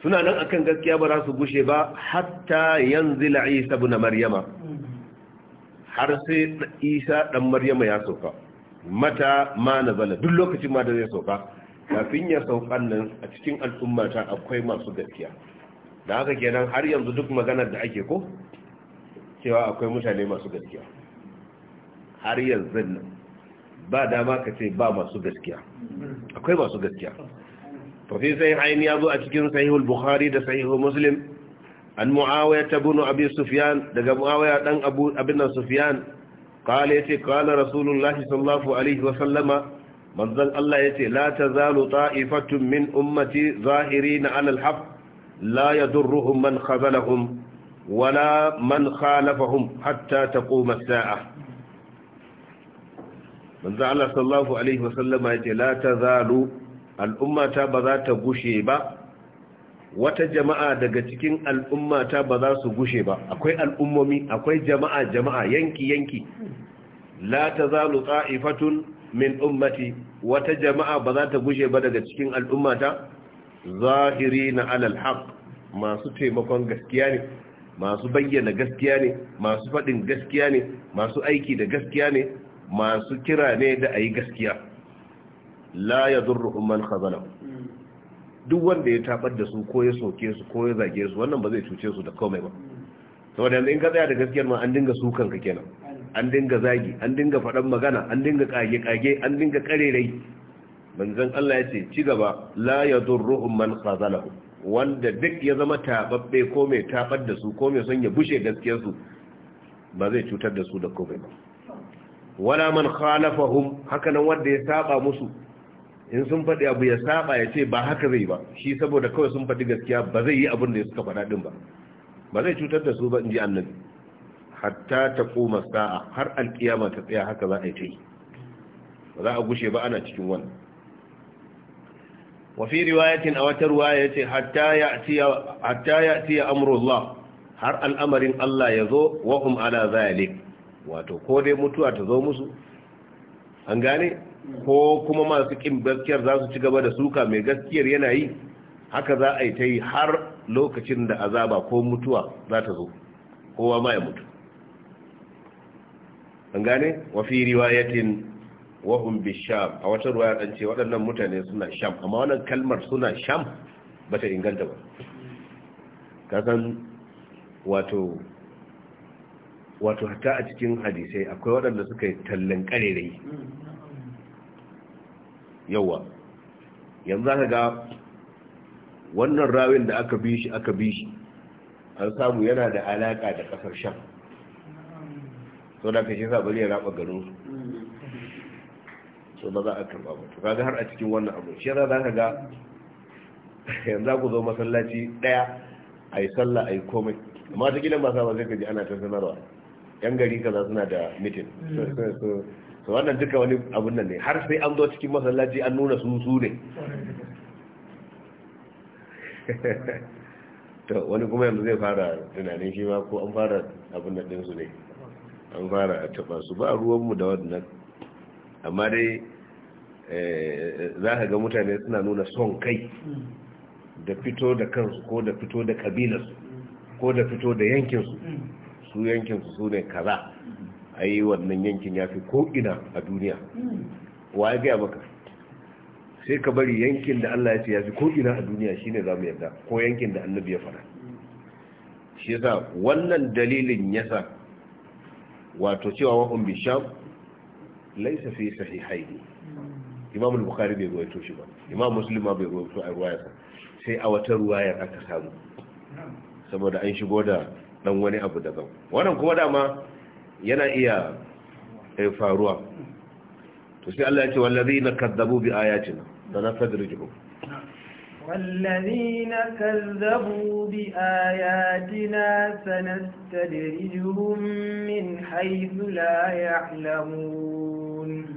suna nan akan gaskiya ba za su gushe ba hatta yanzila isa ibn maryama har sai isa dan maryama ya sauka mata ma na zala duk lokacin ma da zai sauka kafin ya sauka nan a cikin al'ummata akwai masu gaskiya da haka kenan har yanzu duk maganar da ake ko cewa akwai mutane masu gaskiya har yanzu nan ba dama ka ce ba masu gaskiya akwai masu gaskiya tafi sai ainihi ya zo a cikin sahihul bukhari da sahihul muslim an mu'awaya ta bunu abin sufyan daga mu'awaya dan abu abin sufyan qala yace qala rasulullahi sallallahu alaihi wa sallama manzon Allah ce la tazalu ta'ifatun min ummati zahiri na alal haqq la ya yadurruhum man khazalahum wala man khalafahum hatta ta as-sa'a manzo Allah sallallahu alaihi wasallam ya ce la al'ummata ba za ta gushe ba wata jama'a daga cikin al'ummata ba za su gushe ba akwai al'ummomi akwai jama'a jama'a yanki yanki la tazalu ta'ifatun min ummati wata jama'a ba za ta gushe ba daga cikin al'ummata zahirina alal haqq masu taimakon gaskiya ne masu bayyana gaskiya ne masu faɗin gaskiya ne masu aiki da gaskiya ne masu kira ne da a yi gaskiya la ya zurru man khazana duk wanda ya tabar da su ko ya soke su ko ya zage su wannan ba zai cuce su da komai ba saboda yanzu in ka tsaya da gaskiyar ma an dinga sukan ka kenan an dinga zagi an dinga faɗan magana an dinga kage kage an dinga karerai manzon Allah ya ce ci gaba la ya zurru man khazana wanda duk ya zama tababbe ko mai tabar da su ko mai son ya bushe gaskiyarsu ba zai cutar da su da komai ba wala man khalafahum haka nan wanda ya saba musu in sun faɗi abu ya saba ya ce ba haka zai ba shi saboda kawai sun faɗi gaskiya ba zai yi abin da ya suka faɗa din ba ba zai cutar da su ba in ji annabi hatta ta koma sa'a har alkiyama ta tsaya haka za a yi ta yi ba za a gushe ba ana cikin wannan wafi riwayatin a wata ruwaya ce, hatta ya'tiya hatta ya'tiya amrullah har al'amarin Allah ya zo wa hum ala zalik wato ko dai mutuwa ta zo musu an gane ko kuma masu kin gaskiyar za su ci gaba da suka mai gaskiyar yana yi haka za a yi ta yi har lokacin da azaba ko mutuwa za ta zo kowa ma ya mutu an gane wafi riwayatin wahum bi sham a wata ruwaya dan ce waɗannan mutane suna sham amma wannan kalmar suna sham ba ta inganta ba kasan wato wato hatta a cikin hadisai akwai waɗanda suka yi tallan ƙarerai yawa yanzu aka ga wannan rawin da aka bi shi aka bi shi an samu yana da alaƙa da ƙasar sham sau da ka shi sa bari ya raba garinsu so ba za a karba ba to kaga har a cikin wannan abu shi yasa zaka ga yanzu ku zo masallaci daya ayi sallah ayi komai amma ta gidan ba sa ba sai ka ji ana ta sanarwa yan gari kaza suna da meeting so mm. wannan duka wani abun nan ne har sai an zo cikin masallaci an nuna su su ne to wani kuma yanzu zai fara tunanin shi ma ko an fara nan da ɗinsu ne an fara a taɓa su ba ruwanmu da wannan amma dai eh, za ka ga mutane suna nuna son kai da fito da kansu ko da fito da kabilarsu ko da fito da yankinsu su yankinsu su ne kaza a yi wannan yankin ya fi ko'ina a duniya wa ya gaya maka sai ka bari yankin da allah ya ce ya fi ko'ina a duniya shi ne za mu yarda ko yankin da annabi ya fara shi sa wannan dalilin ya sa wato cewa wa'un bisham laisa fi sahihaini imam al-bukhari bai ruwaito shi ba imam muslim ma bai ruwaito a ruwayar sai a wata ruwayar aka samu saboda an shigo da dan wani abu daban wannan kuma dama yana iya eh, faruwa to sai Allah ya ce wallazina kadzabu bi ayatina sanastadrijuhum والذين كذبوا بآياتنا سنستدرجهم من حيث لا يعلمون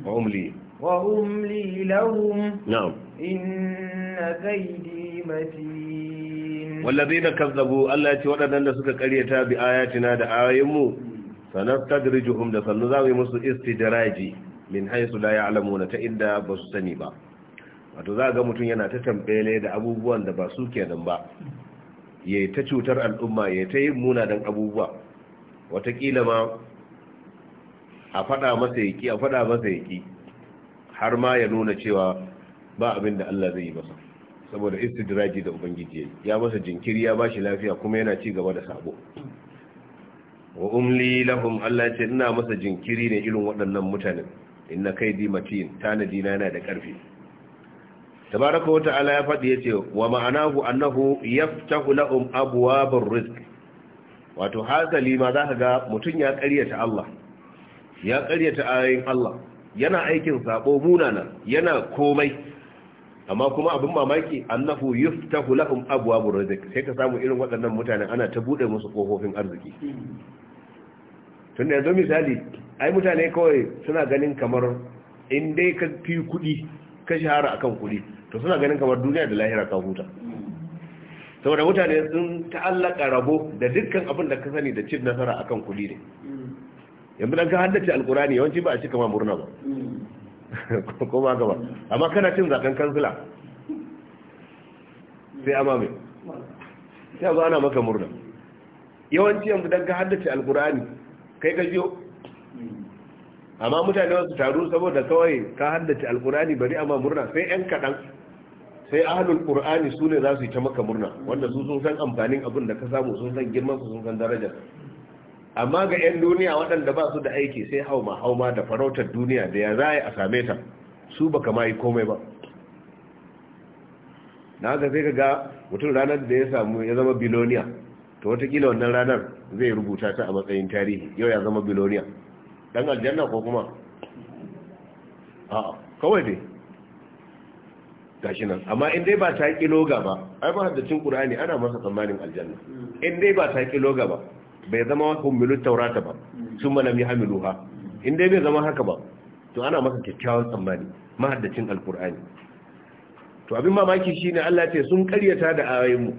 وأملي وأملي لهم نعم إن كيدي متين والذين كذبوا الله يتوعد أن سك قرية بآياتنا da سنستدرجهم لسنزاوي مصر استدراجي min haisu la ya'lamuna ta inda ba su sani ba wato za ga mutum yana ta tambele da abubuwan da ba su kenan ba ya ta cutar al'umma ya ta yi munanan abubuwa watakila ma a faɗa masa yaki a fada masa yaki har ma ya nuna cewa ba abin da Allah zai yi masa saboda istidraji da ubangiji ya masa jinkiri ya bashi lafiya kuma yana ci gaba da sabo wa umli lahum Allah ce ina masa jinkiri ne irin waɗannan mutanen inna kaidi matin tanadi na yana da ƙarfi tabaraka wa ta'ala ya faɗi yace wa ma'anahu annahu yaftahu lahum abwabar rizq wato hazali ma za ka ga mutun ya ƙaryata Allah ya karyata ayoyin Allah yana aikin sabo munana yana komai amma kuma abin mamaki annahu yuftahu lahum abwabur rizq sai ka samu irin waɗannan mutanen ana ta bude musu kofofin arziki Tunda yanzu misali ai mutane kawai suna ganin kamar in dai ka fi kuɗi ka shahara akan kuɗi to suna ganin kamar duniya da lahira ka huta saboda mutane sun ta'allaka rabo da dukkan abin da ka sani da cin nasara akan kuɗi ne yanzu dan ka haddace alkurani yawanci ba a cika ma murna ba mm. ko ba gaba amma kana cin zakan kansila sai amma mai sai ba ana maka murna yawanci yanzu dan ka haddace alkurani kai ka jiyo mm. amma mutane wasu taru saboda kawai ka haddace alkurani bari amma murna sai yan kaɗan sai ahlul qur'ani su ne za su yi ta maka murna wanda su sun san amfanin abin da ka samu sun san girman su sun san darajar amma ga 'yan duniya waɗanda ba su da aiki sai hauma hauma da farautar duniya da ya za a same ta su ba kama yi komai ba na haka sai ga mutum ranar da ya samu ya zama biloniya to watakila wannan ranar zai rubuta ta a matsayin tarihi yau ya zama biloniya dan aljanna ko kuma a kawai dai gashi nan amma in dai ba ta ƙi loga ba ai ba haddacin ne ana masa tsammanin aljanna in dai ba ta ƙi loga ba bai zama hummilu taurata ba sun malam ya hamiluha in da bai zama haka ba to ana masa kyakkyawan tsammani mahaddacin alkur'ani to abin mamaki shi ne Allah ce sun karyata da ayoyinmu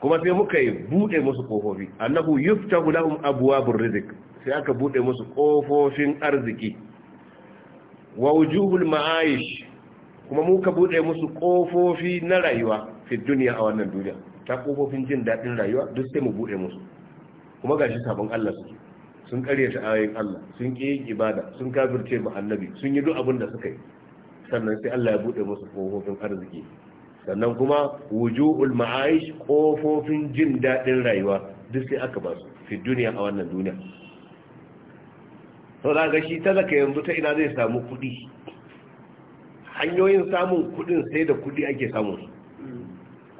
kuma sai muka yi bude musu kofofi annahu yuftahu lahum abuwa rizq sai aka bude musu kofofin arziki wa wujuhul ma'aish kuma muka buɗe musu ƙofofi na rayuwa fi duniya a wannan duniya ta kofofin jin daɗin rayuwa duk sai mu buɗe musu kuma gashi sabon Allah suke sun ta ayoyin Allah sun ƙi yin ibada sun kafirce mu annabi sun yi duk abin da suka yi sannan sai Allah ya buɗe musu kofofin arziki sannan kuma wujuhul ma'aish kofofin jin daɗin rayuwa duk sai aka ba su fi duniya a wannan duniya to daga ga shi talaka yanzu ta ina zai samu kuɗi hanyoyin samun kuɗin sai da kuɗi ake samun su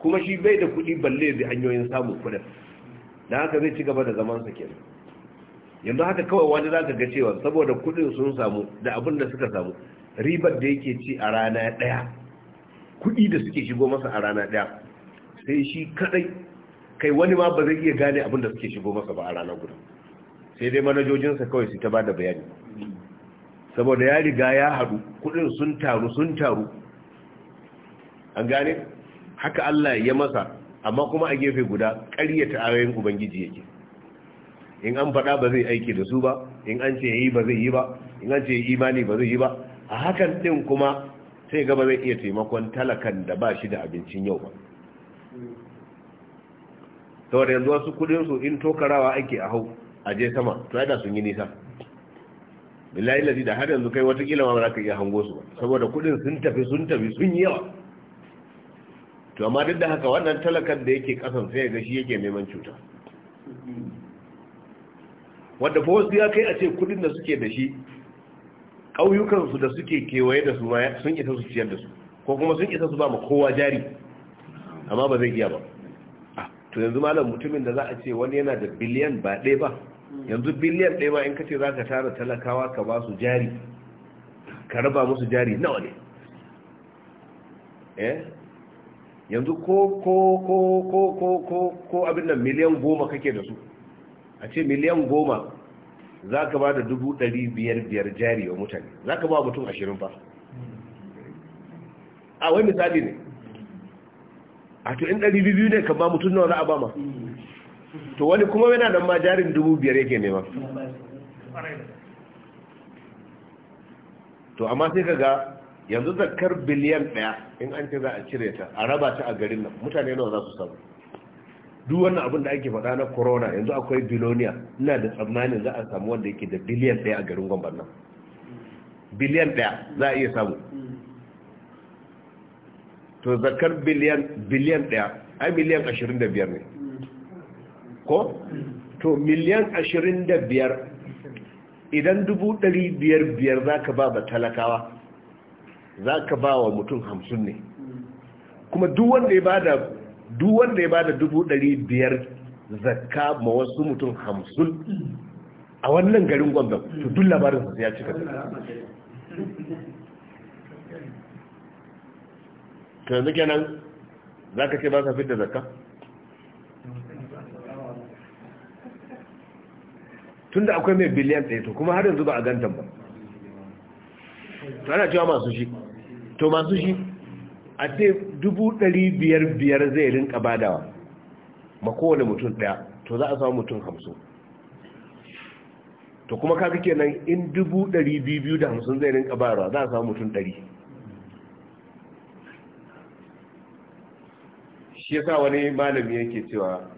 kuma shi bai da kuɗi balle bi hanyoyin samun kuɗin da haka zai ci gaba da zamansa kenan yanzu haka kawai wani za ka ga cewa saboda kuɗin sun samu da abin da suka samu ribar da yake ci a rana ɗaya kuɗi da suke shigo masa a rana ɗaya sai shi kaɗai kai wani ma ba zai iya gane abin da suke shigo masa ba a rana guda sai dai manajojinsa kawai su ta ba bayani saboda ya riga ya haɗu kuɗin sun taru sun taru an gane haka Allah ya masa amma kuma a gefe guda ƙaryata ayoyin ubangiji yake in an faɗa ba zai aiki da su ba in an ce yi ba zai yi ba in an ce imani ba zai yi ba a hakan ɗin kuma sai gaba zai iya taimakon talakan da ba shi da abincin yau ba saboda yanzu wasu kudinsu in tokarawa ake a hau a je sama to yada sun yi nisa billahi lazi da har yanzu kai watakila ma ba za ka iya hango su ba saboda kudin sun tafi sun tafi sun yi yawa to amma duk da haka wannan talakan da yake kasan sai ga shi yake neman cuta wadda fa ya kai a ce kudin da suke da shi ƙauyukansu da suke kewaye da su sun isa su ciyar da su ko kuma sun isa su ba ma kowa jari amma ba zai iya ba to yanzu malam mutumin da za a ce wani yana da biliyan ba ɗaya ba yanzu biliyan ɗaya ma in ka ce za ka tara talakawa ka ba su jari ka raba musu jari nawa ne eh? yanzu ko ko ko ko ko ko ko abin nan miliyan goma kake da su a ce miliyan goma za ka ba da dubu ɗari biyar biyar jari wa mutane za ka ba mutum ashirin ba. a wai misali ne a to in ɗari biyu ne ka ba mutum nawa za a ba ma to wani kuma yana nan ma jarin dubu biyar yake nema to amma sai ka ga yanzu zakar biliyan ɗaya in an ce za a cire ta a raba ta a garin nan mutane nawa za su samu duk wannan abin da ake faɗa na corona yanzu akwai biloniya ina da tsammanin za a samu wanda yake da biliyan ɗaya a garin gwamban nan biliyan ɗaya za a iya samu to zakar biliyan biliyan ɗaya ai miliyan ashirin da biyar ne ko to miliyan ashirin da biyar idan dubu ɗari biyar biyar za ka ba ba talakawa za ka ba wa mutum hamsin ne kuma duk wanda ya bada duk wanda ya bada dubu ɗari biyar zakka ma wasu mutum hamsin a wannan garin gwamnan to dun labarin ya cika yanzu kenan za ka ce ba ka fidda zakka tunda akwai mai biliyan ɗaya to kuma har yanzu ba a gantan ba ana cewa masu shi to masu shi a ce dubu ɗari biyar biyar zai rinka badawa ma kowane mutum ɗaya to za a samu mutum hamsin to kuma kaga kenan in dubu ɗari biyu biyu da hamsin zai rinka bayarwa za a samu mutum ɗari shi ya sa wani malami yake cewa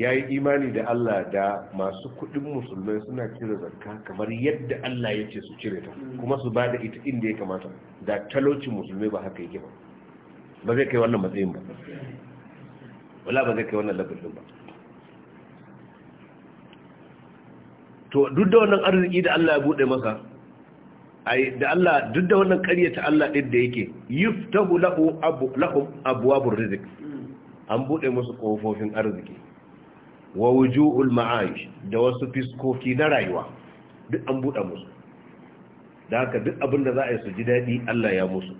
ya yi imani da Allah da masu kudin musulmai suna cire zakka kamar yadda Allah ya ce su cire ta kuma su ba da ita inda ya kamata da talocin musulmai ba haka yake ba ba zai kai wannan matsayin ba wala ba zai kai wannan labarin ba to duk da wannan arziki da Allah ya bude masa ai da Allah duk da wannan ƙaryata Allah din da yake yuftahu lahu abu lahum abwabur rizq an bude musu kofofin arziki wa wuju'ul maaish da wasu fiskoki na rayuwa duk an buɗe musu da haka duk abin da za a yi su ji daɗi Allah ya musu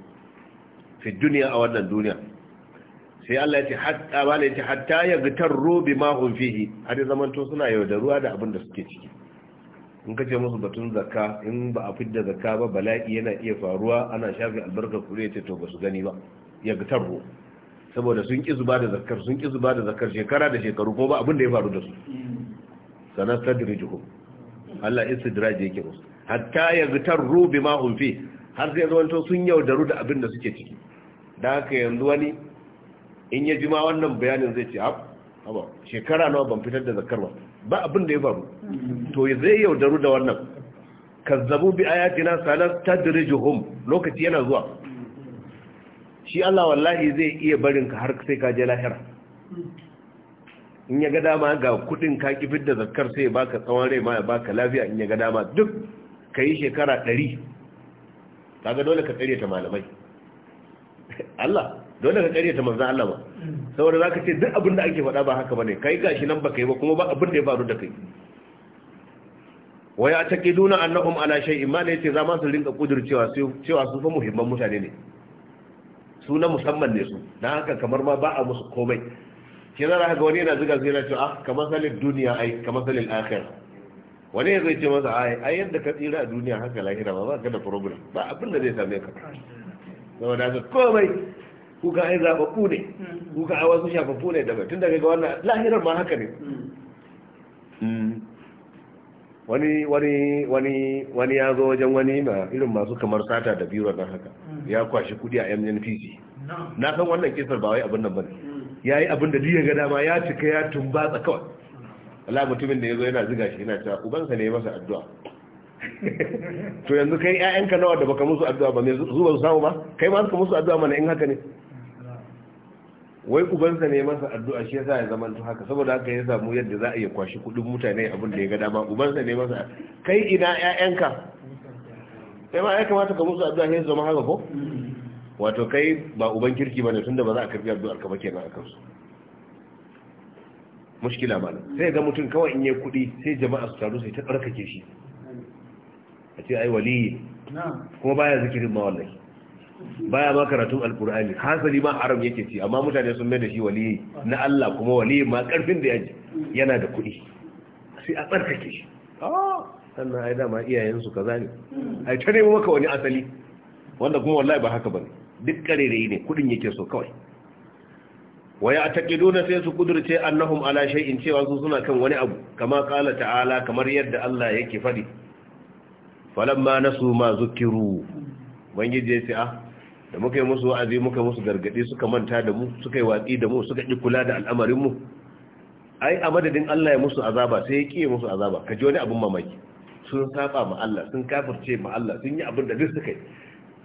fi duniya a wannan duniya sai Allah ya ce hatta bala ya ce hatta ya gitar robi ma hun fihi har ya zamanto suna yau da abin da suke ciki in ka ce musu batun zakka in ba a fidda zakka ba bala'i yana iya faruwa ana shafi albarkar kuri ya ce to ba su gani ba ya gitar robi saboda sun ƙi zuba da zakar sun ƙi zuba da zakar shekara da shekaru ko ba abin da ya faru da su sanar sadrijuhum Allah istidraji yake musu hatta yaghtaru bima hum fi har sai zuwanto sun yaudaru da abin da suke ciki da haka yanzu wani in ya jima wannan bayanin zai ce haba shekara nawa ban fitar da zakar ba ba abin da ya faru to zai yaudaru da wannan kazzabu bi ayatina sanas tadrijuhum lokaci yana zuwa shi Allah wallahi zai iya barin ka har sai ka je lahira in ya ga dama ga kudin ka kifin da zakkar sai ya baka tsawon rai ma ya baka lafiya in ya ga dama duk ka yi shekara ɗari ga dole ka tsare ta malamai Allah dole ka tsare ta manzan Allah ba saboda za ka ce duk abin da ake faɗa ba haka ba ne Ka yi gashi nan ba ka yi ba kuma ba abin da ya faru da kai waya ta ƙiduna annahum ala shay'in ma ne ce za ma su rinka kudur cewa cewa su fa muhimman mutane ne su na musamman ne su don haka kamar ma ba a musu komai ke zara haka wani yana zuga zai ce ah kamar salin duniya ai kamar salin akhir wani ya zai ce masa ai ai yadda ka tsira a duniya haka lahira ba ba ka da problem ba abin da zai same ka da haka komai kuka ai zababbu ne kuka ai wasu shafaffu ne daga tun daga ga wannan lahirar ma haka ne mm. Mm. wani wani wani wani ya zo wajen wani ma irin masu kamar sata da biro na haka mm. ya kwashi kudi a MNPC na san wannan kisar ba wai abin nan bane mm. yayi abin da duk ya ga dama ya cika ya tumbatsa kawai Allah mutumin da yazo yana ziga shi yana cewa ubansa ne masa addu'a to yanzu kai ƴaƴanka nawa da baka musu addu'a ba me zuwa samu ba kai ma suka musu addu'a mana in haka ne wai ubansa ne masa addu'a shi yasa ya zamanto haka saboda haka ya samu yadda za a iya kwashi kudin mutane abin da ya ga dama ubansa ne masa kai ina ƴaƴanka sai ma ya kamata ka musu addu'a sai zama haka ko wato kai ba uban kirki bane tunda ba za a karbi addu'ar ka ba kenan akan su mushkila malam sai ga mutum kawai in yi kudi sai jama'a su taru sai ta tsarkake shi a ce ai waliyi kuma baya zikirin ma wallahi baya ma karatun alkur'ani hasali ma haram yake ci amma mutane sun mai da shi wali, na Allah kuma wali ma karfin da yaji yana da kuɗi sai a tsarkake shi ah, sannan ai dama iyayensu kaza ne ai ta nemo maka wani asali wanda kuma wallahi ba haka bane duk karerai ne kuɗin yake so kawai wa ya taqiduna sai su kudurce annahum ala shay'in cewa su suna kan wani abu kama qala ta'ala kamar yadda Allah yake fadi falamma nasu ma zukiru bangije sai ah da muka yi musu wa'azi muka musu gargadi suka manta da mu suka yi watsi da mu suka ƙi kula da al'amarinmu ai a madadin Allah ya musu azaba sai ya ƙiye musu azaba ka ji wani abin mamaki sun saba ma Allah sun kafirce ma Allah sun yi abin da duk suka yi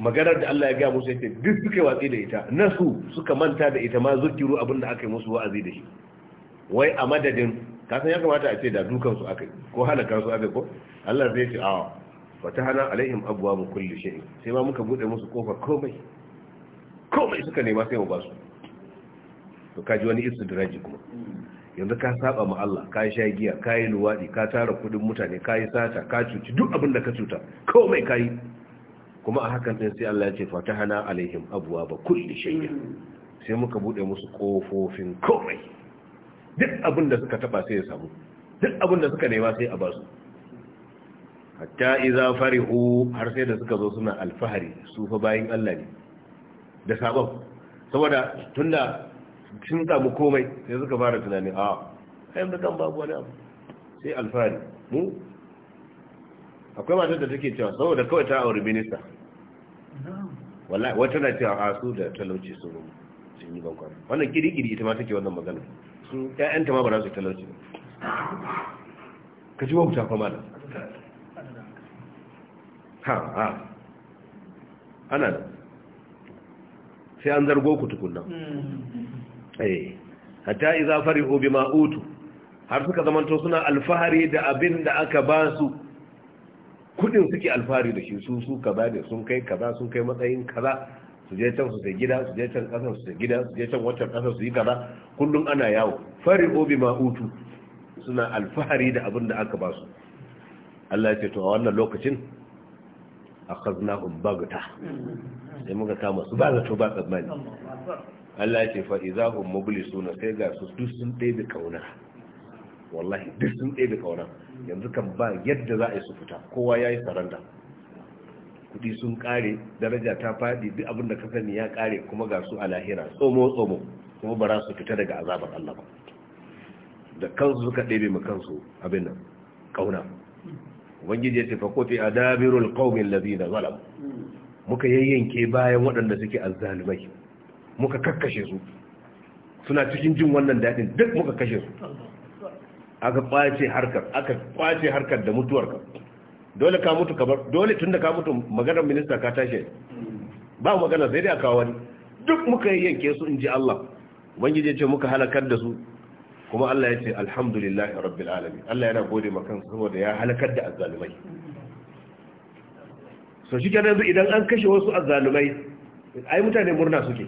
maganar da Allah ya ga musu yace duk suka yi watsi da ita nasu suka manta da ita ma zukiru abin da aka yi musu wa'azi da shi wai a madadin ka san ya kamata a ce da dukan su aka yi ko halaka su aka yi ko Allah zai ce a hana alaihim mu kulli shay'in sai ma muka bude musu kofar komai komai suka nema sai mu ba su to kaji wani istidraji kuma yanzu ka saba ma Allah ka yi giya ka yi luwadi ka tara kudin mutane ka yi sata ka cuci duk abin da ka cuta komai ka yi kuma a hakan din sai Allah ya ce fatahana alaihim abuwa ba kulli shay'in sai muka bude musu kofofin komai duk abin da suka taba sai ya samu duk abin da suka nema sai a basu hatta iza farihu har sai da suka zo suna alfahari su fa bayin Allah ne da sabon saboda tunda sun samu komai sai suka fara tunani a ah, ayyam da kan babu wani abu sai alfahari mu akwai matar da take cewa saboda kawai ta auri minista wata na cewa a ah, su da talauci sun sun yi bankwa wannan kirikiri ita ma take wannan magana su ƴaƴanta ma ba za su talauci ka ji wauta kwa da ha ha ana da sai an zargo ku tukunna eh hatta iza farihu bima utu har suka zamanto suna alfahari da abin da aka ba su kudin suke alfahari da shi su su ba da sun kai kaza sun kai matsayin kaza su je can su sai gida su je can kasar su sai gida su je can wancan kasar su yi kaza kullum ana yawo farihu bima utu suna alfahari da abin da aka ba su Allah ya ce to a wannan lokacin akhadnahum bagta sai muka kama su ba zato ba tsammani Allah ya ce fa idahum mublisuna sai ga su duk sun ɗebe kauna wallahi duk sun ɗebe kauna yanzu kan ba yadda za a yi su fita kowa yayi yi saranda kudi sun kare daraja ta faɗi duk abin da ka sani ya kare kuma ga su a lahira tsomo tsomo kuma ba za su fita daga azabar Allah ba da kansu suka ɗebe ma kansu abin nan kauna ubangiji ya ce fa kofi a dabirul qaumin ladina zalam muka yayyanke bayan waɗanda suke azzalumai muka kakkashe su suna cikin jin wannan dadin duk muka kashe su aka kwace harkar aka kwace harkar da mutuwar ka dole ka mutu kabar dole tunda ka mutu maganar minista ka tashi ba magana sai dai a kawo wani duk muka yayyanke su in ji Allah ubangiji ya ce muka halakar da su kuma Allah ya ce alhamdulillahi rabbil alamin Allah yana gode ma saboda ya halakar da azzalumai so shi kenan idan an kashe wasu azzalumai ai mutane murna suke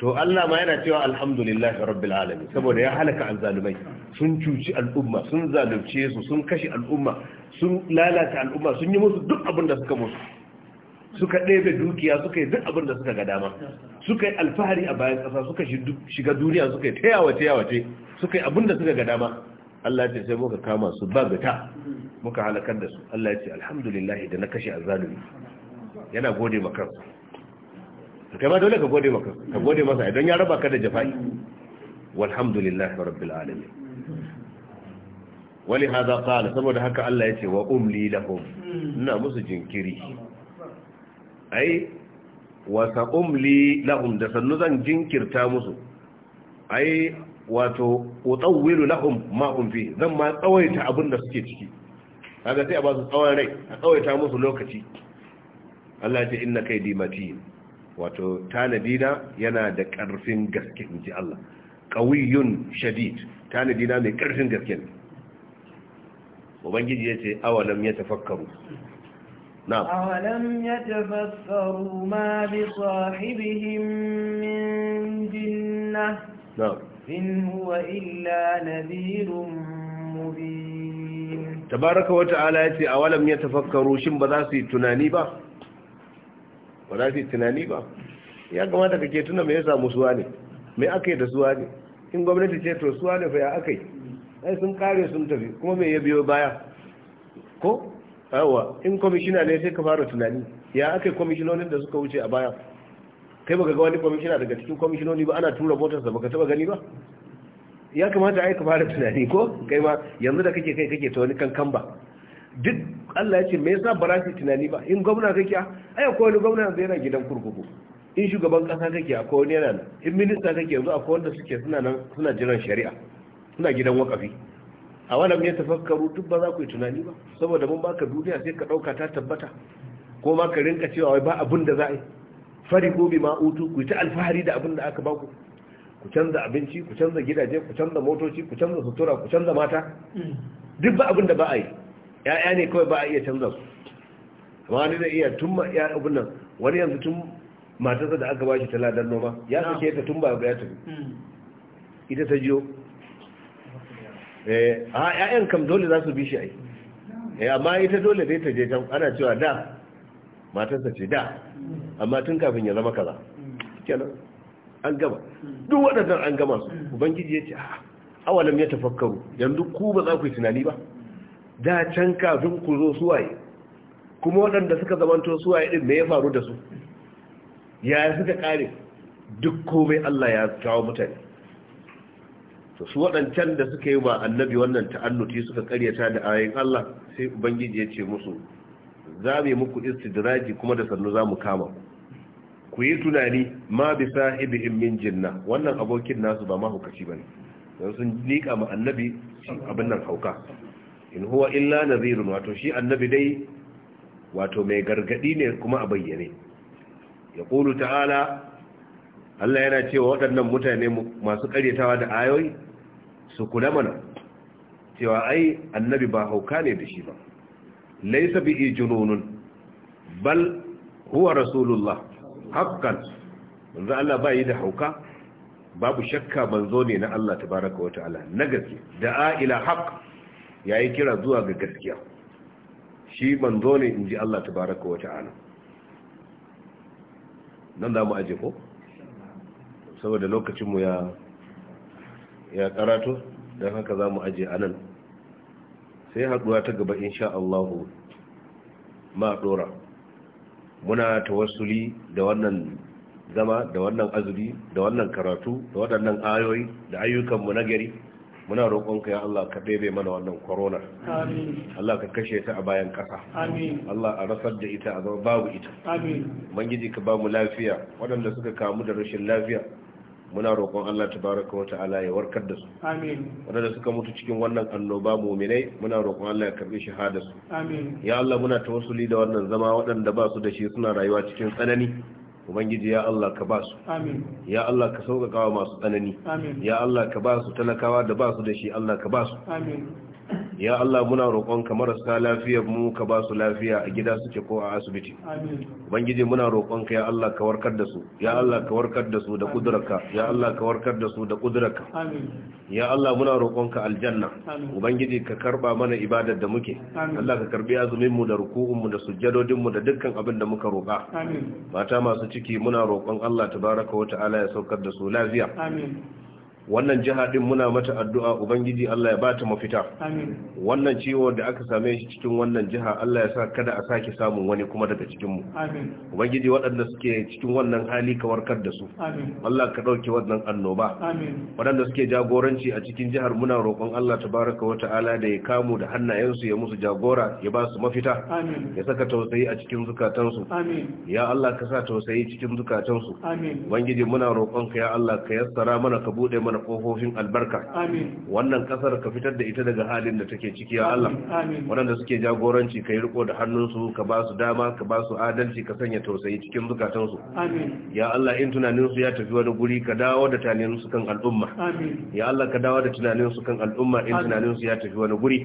to Allah ma yana cewa alhamdulillahi rabbil alamin saboda ya halaka azzalumai sun cuci al'umma sun zalunce su sun kashe al'umma sun lalata al'umma sun yi musu duk abin da suka musu suka ɗebe dukiya suka yi duk abin da suka ga dama suka yi alfahari a bayan ƙasa suka shiga duniya suka yi tayawace yawace suka yi abin da suka ga dama Allah ya ce sai muka kama su ba gata muka halakar da su Allah ya ce alhamdulillah da na kashe azzalumi yana gode maka kai ma dole ka gode maka ka gode masa idan ya raba ka da jafa'i walhamdulillah rabbil alamin Wani hada qala saboda haka Allah ya ce wa umli lahum ina musu jinkiri ai wa umli lahum da sannu zan jinkirta musu ai wato utawwilu lahum ma hum fi zan ma tsawaita abin da suke ciki kaga sai a ba su tsawon rai a tsawaita musu lokaci Allah ya inna kai dimati wato tanadina yana da karfin gaske inji Allah qawiyun shadid tanadina mai karfin gaske ubangiji yace awalam yatafakkaru نعم أولم يتفكروا ما بصاحبهم من جنة نعم إن هو إلا نذير مبين تبارك وتعالى يتي أولم يتفكروا شم بذاسي تناني با بذاسي تناني با ya kamata ka tuna me ya samu suwa ne me aka yi da suwa ne in gwamnati ce to suwa ne fa aka yi ai sun kare sun tafi kuma me ya biyo baya ko yawa in kwamishina ne sai ka fara tunani ya aka yi kwamishinonin da suka wuce a baya kai baka ga wani kwamishina daga cikin kwamishinoni ba ana tura motarsa baka taba gani ba ya kamata ai ka fara tunani ko kai ma yanzu da kake kai kake ta wani kankan ba duk Allah ya ce me yasa ba za tunani ba in gwamna kake ai akwai wani gwamna da yana gidan kurkuku in shugaban kasa kake akwai wani yana nan in minista kake yanzu akwai wanda suke suna nan suna jiran shari'a suna gidan wakafi a wannan ya tafakkaru duk ba za ku yi tunani ba saboda mun baka duniya sai ka dauka ta tabbata ko ma ka rinka cewa wai ba abin da za a yi fari ko ma utu ku ta alfahari da abin da aka baku ku canza abinci ku canza gidaje ku canza motoci ku canza sutura ku canza mata duk ba abin da ba a yi ya'ya ne kawai ba a iya canza su amma ni zai iya tun ma ya abin nan wani yanzu tun matarsa da aka bashi ta ladan noma ya sake ta tun ba ya tafi hmm. ita ta jiyo eh a ƴaƴan kam dole za su bi shi ai eh amma ita dole dai ta je can ana cewa da matarsa ce da amma tun kafin ya zama kaza kenan an gama duk waɗannan an gama su ubangiji ya ce ah, awalam ya tafakkaru yanzu ku ba za ku yi tunani ba da can kafin ku zo suwaye kuma waɗanda suka zamanto suwaye din me ya faru da su ya suka kare duk komai Allah ya kawo mutane to su waɗancan da suka yi wa annabi wannan ta'annuti suka karyata da ayin Allah sai ubangiji ya ce musu za mu muku istidraji kuma da sannu za mu kama ku yi tunani ma bi sahibihim min jinna wannan abokin nasu ba mahaukaci bane don sun nika ma annabi abin nan hauka in huwa illa nadhirun wato shi annabi dai wato mai gargadi ne kuma a bayyane yaqulu ta'ala Allah yana cewa waɗannan mutane masu karyatawa da ayoyi su kula mana cewa ai annabi ba hauka ne da shi ba laisa bi jununun bal huwa rasulullah haqqan manzo Allah ba yi da hauka babu shakka manzo ne na Allah tabaraka wataala na gaske da'a ila haqq yayi kira zuwa ga gaskiya shi manzo ne inji Allah tabaraka wataala nan da mu aje ko saboda lokacinmu ya ya karatu don haka za mu aje anan sai haduwa ta gaba insha Allahu ma dora muna tawassuli da wannan zama da wannan azumi da wannan karatu da waɗannan ayoyi da ayyukanmu na gari muna roƙonka ya Allah ka ɗebe mana wannan corona Allah ka kashe ta a bayan ƙasa Allah a rasar da ita a zama babu ita ka ba mu lafiya waɗanda suka kamu da rashin lafiya muna roƙon Allah tabaraka wa ta'ala ya warkar da su amin wanda suka mutu cikin wannan annoba mu'minai muna roƙon Allah ya karbi shahada su amin ya Allah muna tawassuli da wannan zama waɗanda ba su da shi suna rayuwa cikin tsanani ubangiji ya Allah ka ba su amin ya Allah ka sauƙaƙa wa masu tsanani amin ya Allah ka ba su talakawa da ba su da shi Allah ka ba su amin ya Allah muna roƙonka marasa lafiyar mu ka ba su lafiya a gida suke ko a asibiti ubangiji muna roƙonka ya Allah ka warkar da su ya Allah ka warkar da su da kudurarka ya Allah ka warkar da su da kudurarka ya Allah muna roƙonka aljanna ubangiji ka karba mana ibadar da muke Allah ka karbi azumin mu da ruku'un mu da sujjadodin mu da dukkan abin da muka roƙa mata masu ciki muna roƙon Allah tabaraka wa ta'ala ya saukar da su lafiya wannan jiha din muna mata addu'a ubangiji Allah ya ba ta mafita wannan ciwo da aka same shi cikin wannan jiha Allah ya sa kada a sake samun wani kuma daga cikin mu ubangiji waɗanda suke cikin wannan hali ka warkar da su Allah ka ɗauke wannan annoba waɗanda suke jagoranci a cikin jihar muna roƙon Allah tabaraka wa ta'ala da ya kamu da hannayensu ya musu jagora ya ba su mafita ya saka tausayi a cikin zukatansu ya Allah ka sa tausayi cikin zukatansu ubangiji muna roƙon ka ya Allah ka yassara mana ka bude mana kofofin albarka wannan kasar ka fitar da ita daga halin da take ciki ya Allah Wadanda suke jagoranci ka yi riko da hannunsu ka ba su dama ka ba su adalci ka sanya tausayi cikin zukatansu ya Allah in tunaninsu ya tafi wani guri ka dawo da tunaninsu kan al'umma ya Allah ka dawo da tunaninsu kan al'umma in tunaninsu ya tafi wani guri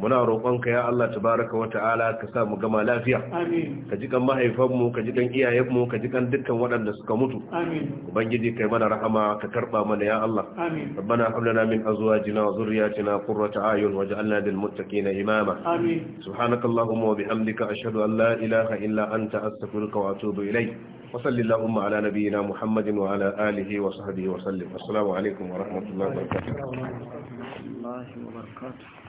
muna roƙonka ya Allah tabaraka wa ta'ala ka sa mu gama lafiya ka ji kan mahaifanmu ka ji kan iyayenmu ka ji kan dukkan waɗanda suka mutu ubangiji kai mana rahama ka karba mana ya Allah آمين ربنا هب لنا من أزواجنا وذرياتنا قرة أعين واجعلنا للمتقين إماما آمين سبحانك اللهم وبحمدك أشهد أن لا إله إلا أنت أستغفرك وأتوب إليك وصل اللهم على نبينا محمد وعلى آله وصحبه وسلم السلام عليكم ورحمة الله وبركاته الله وبركاته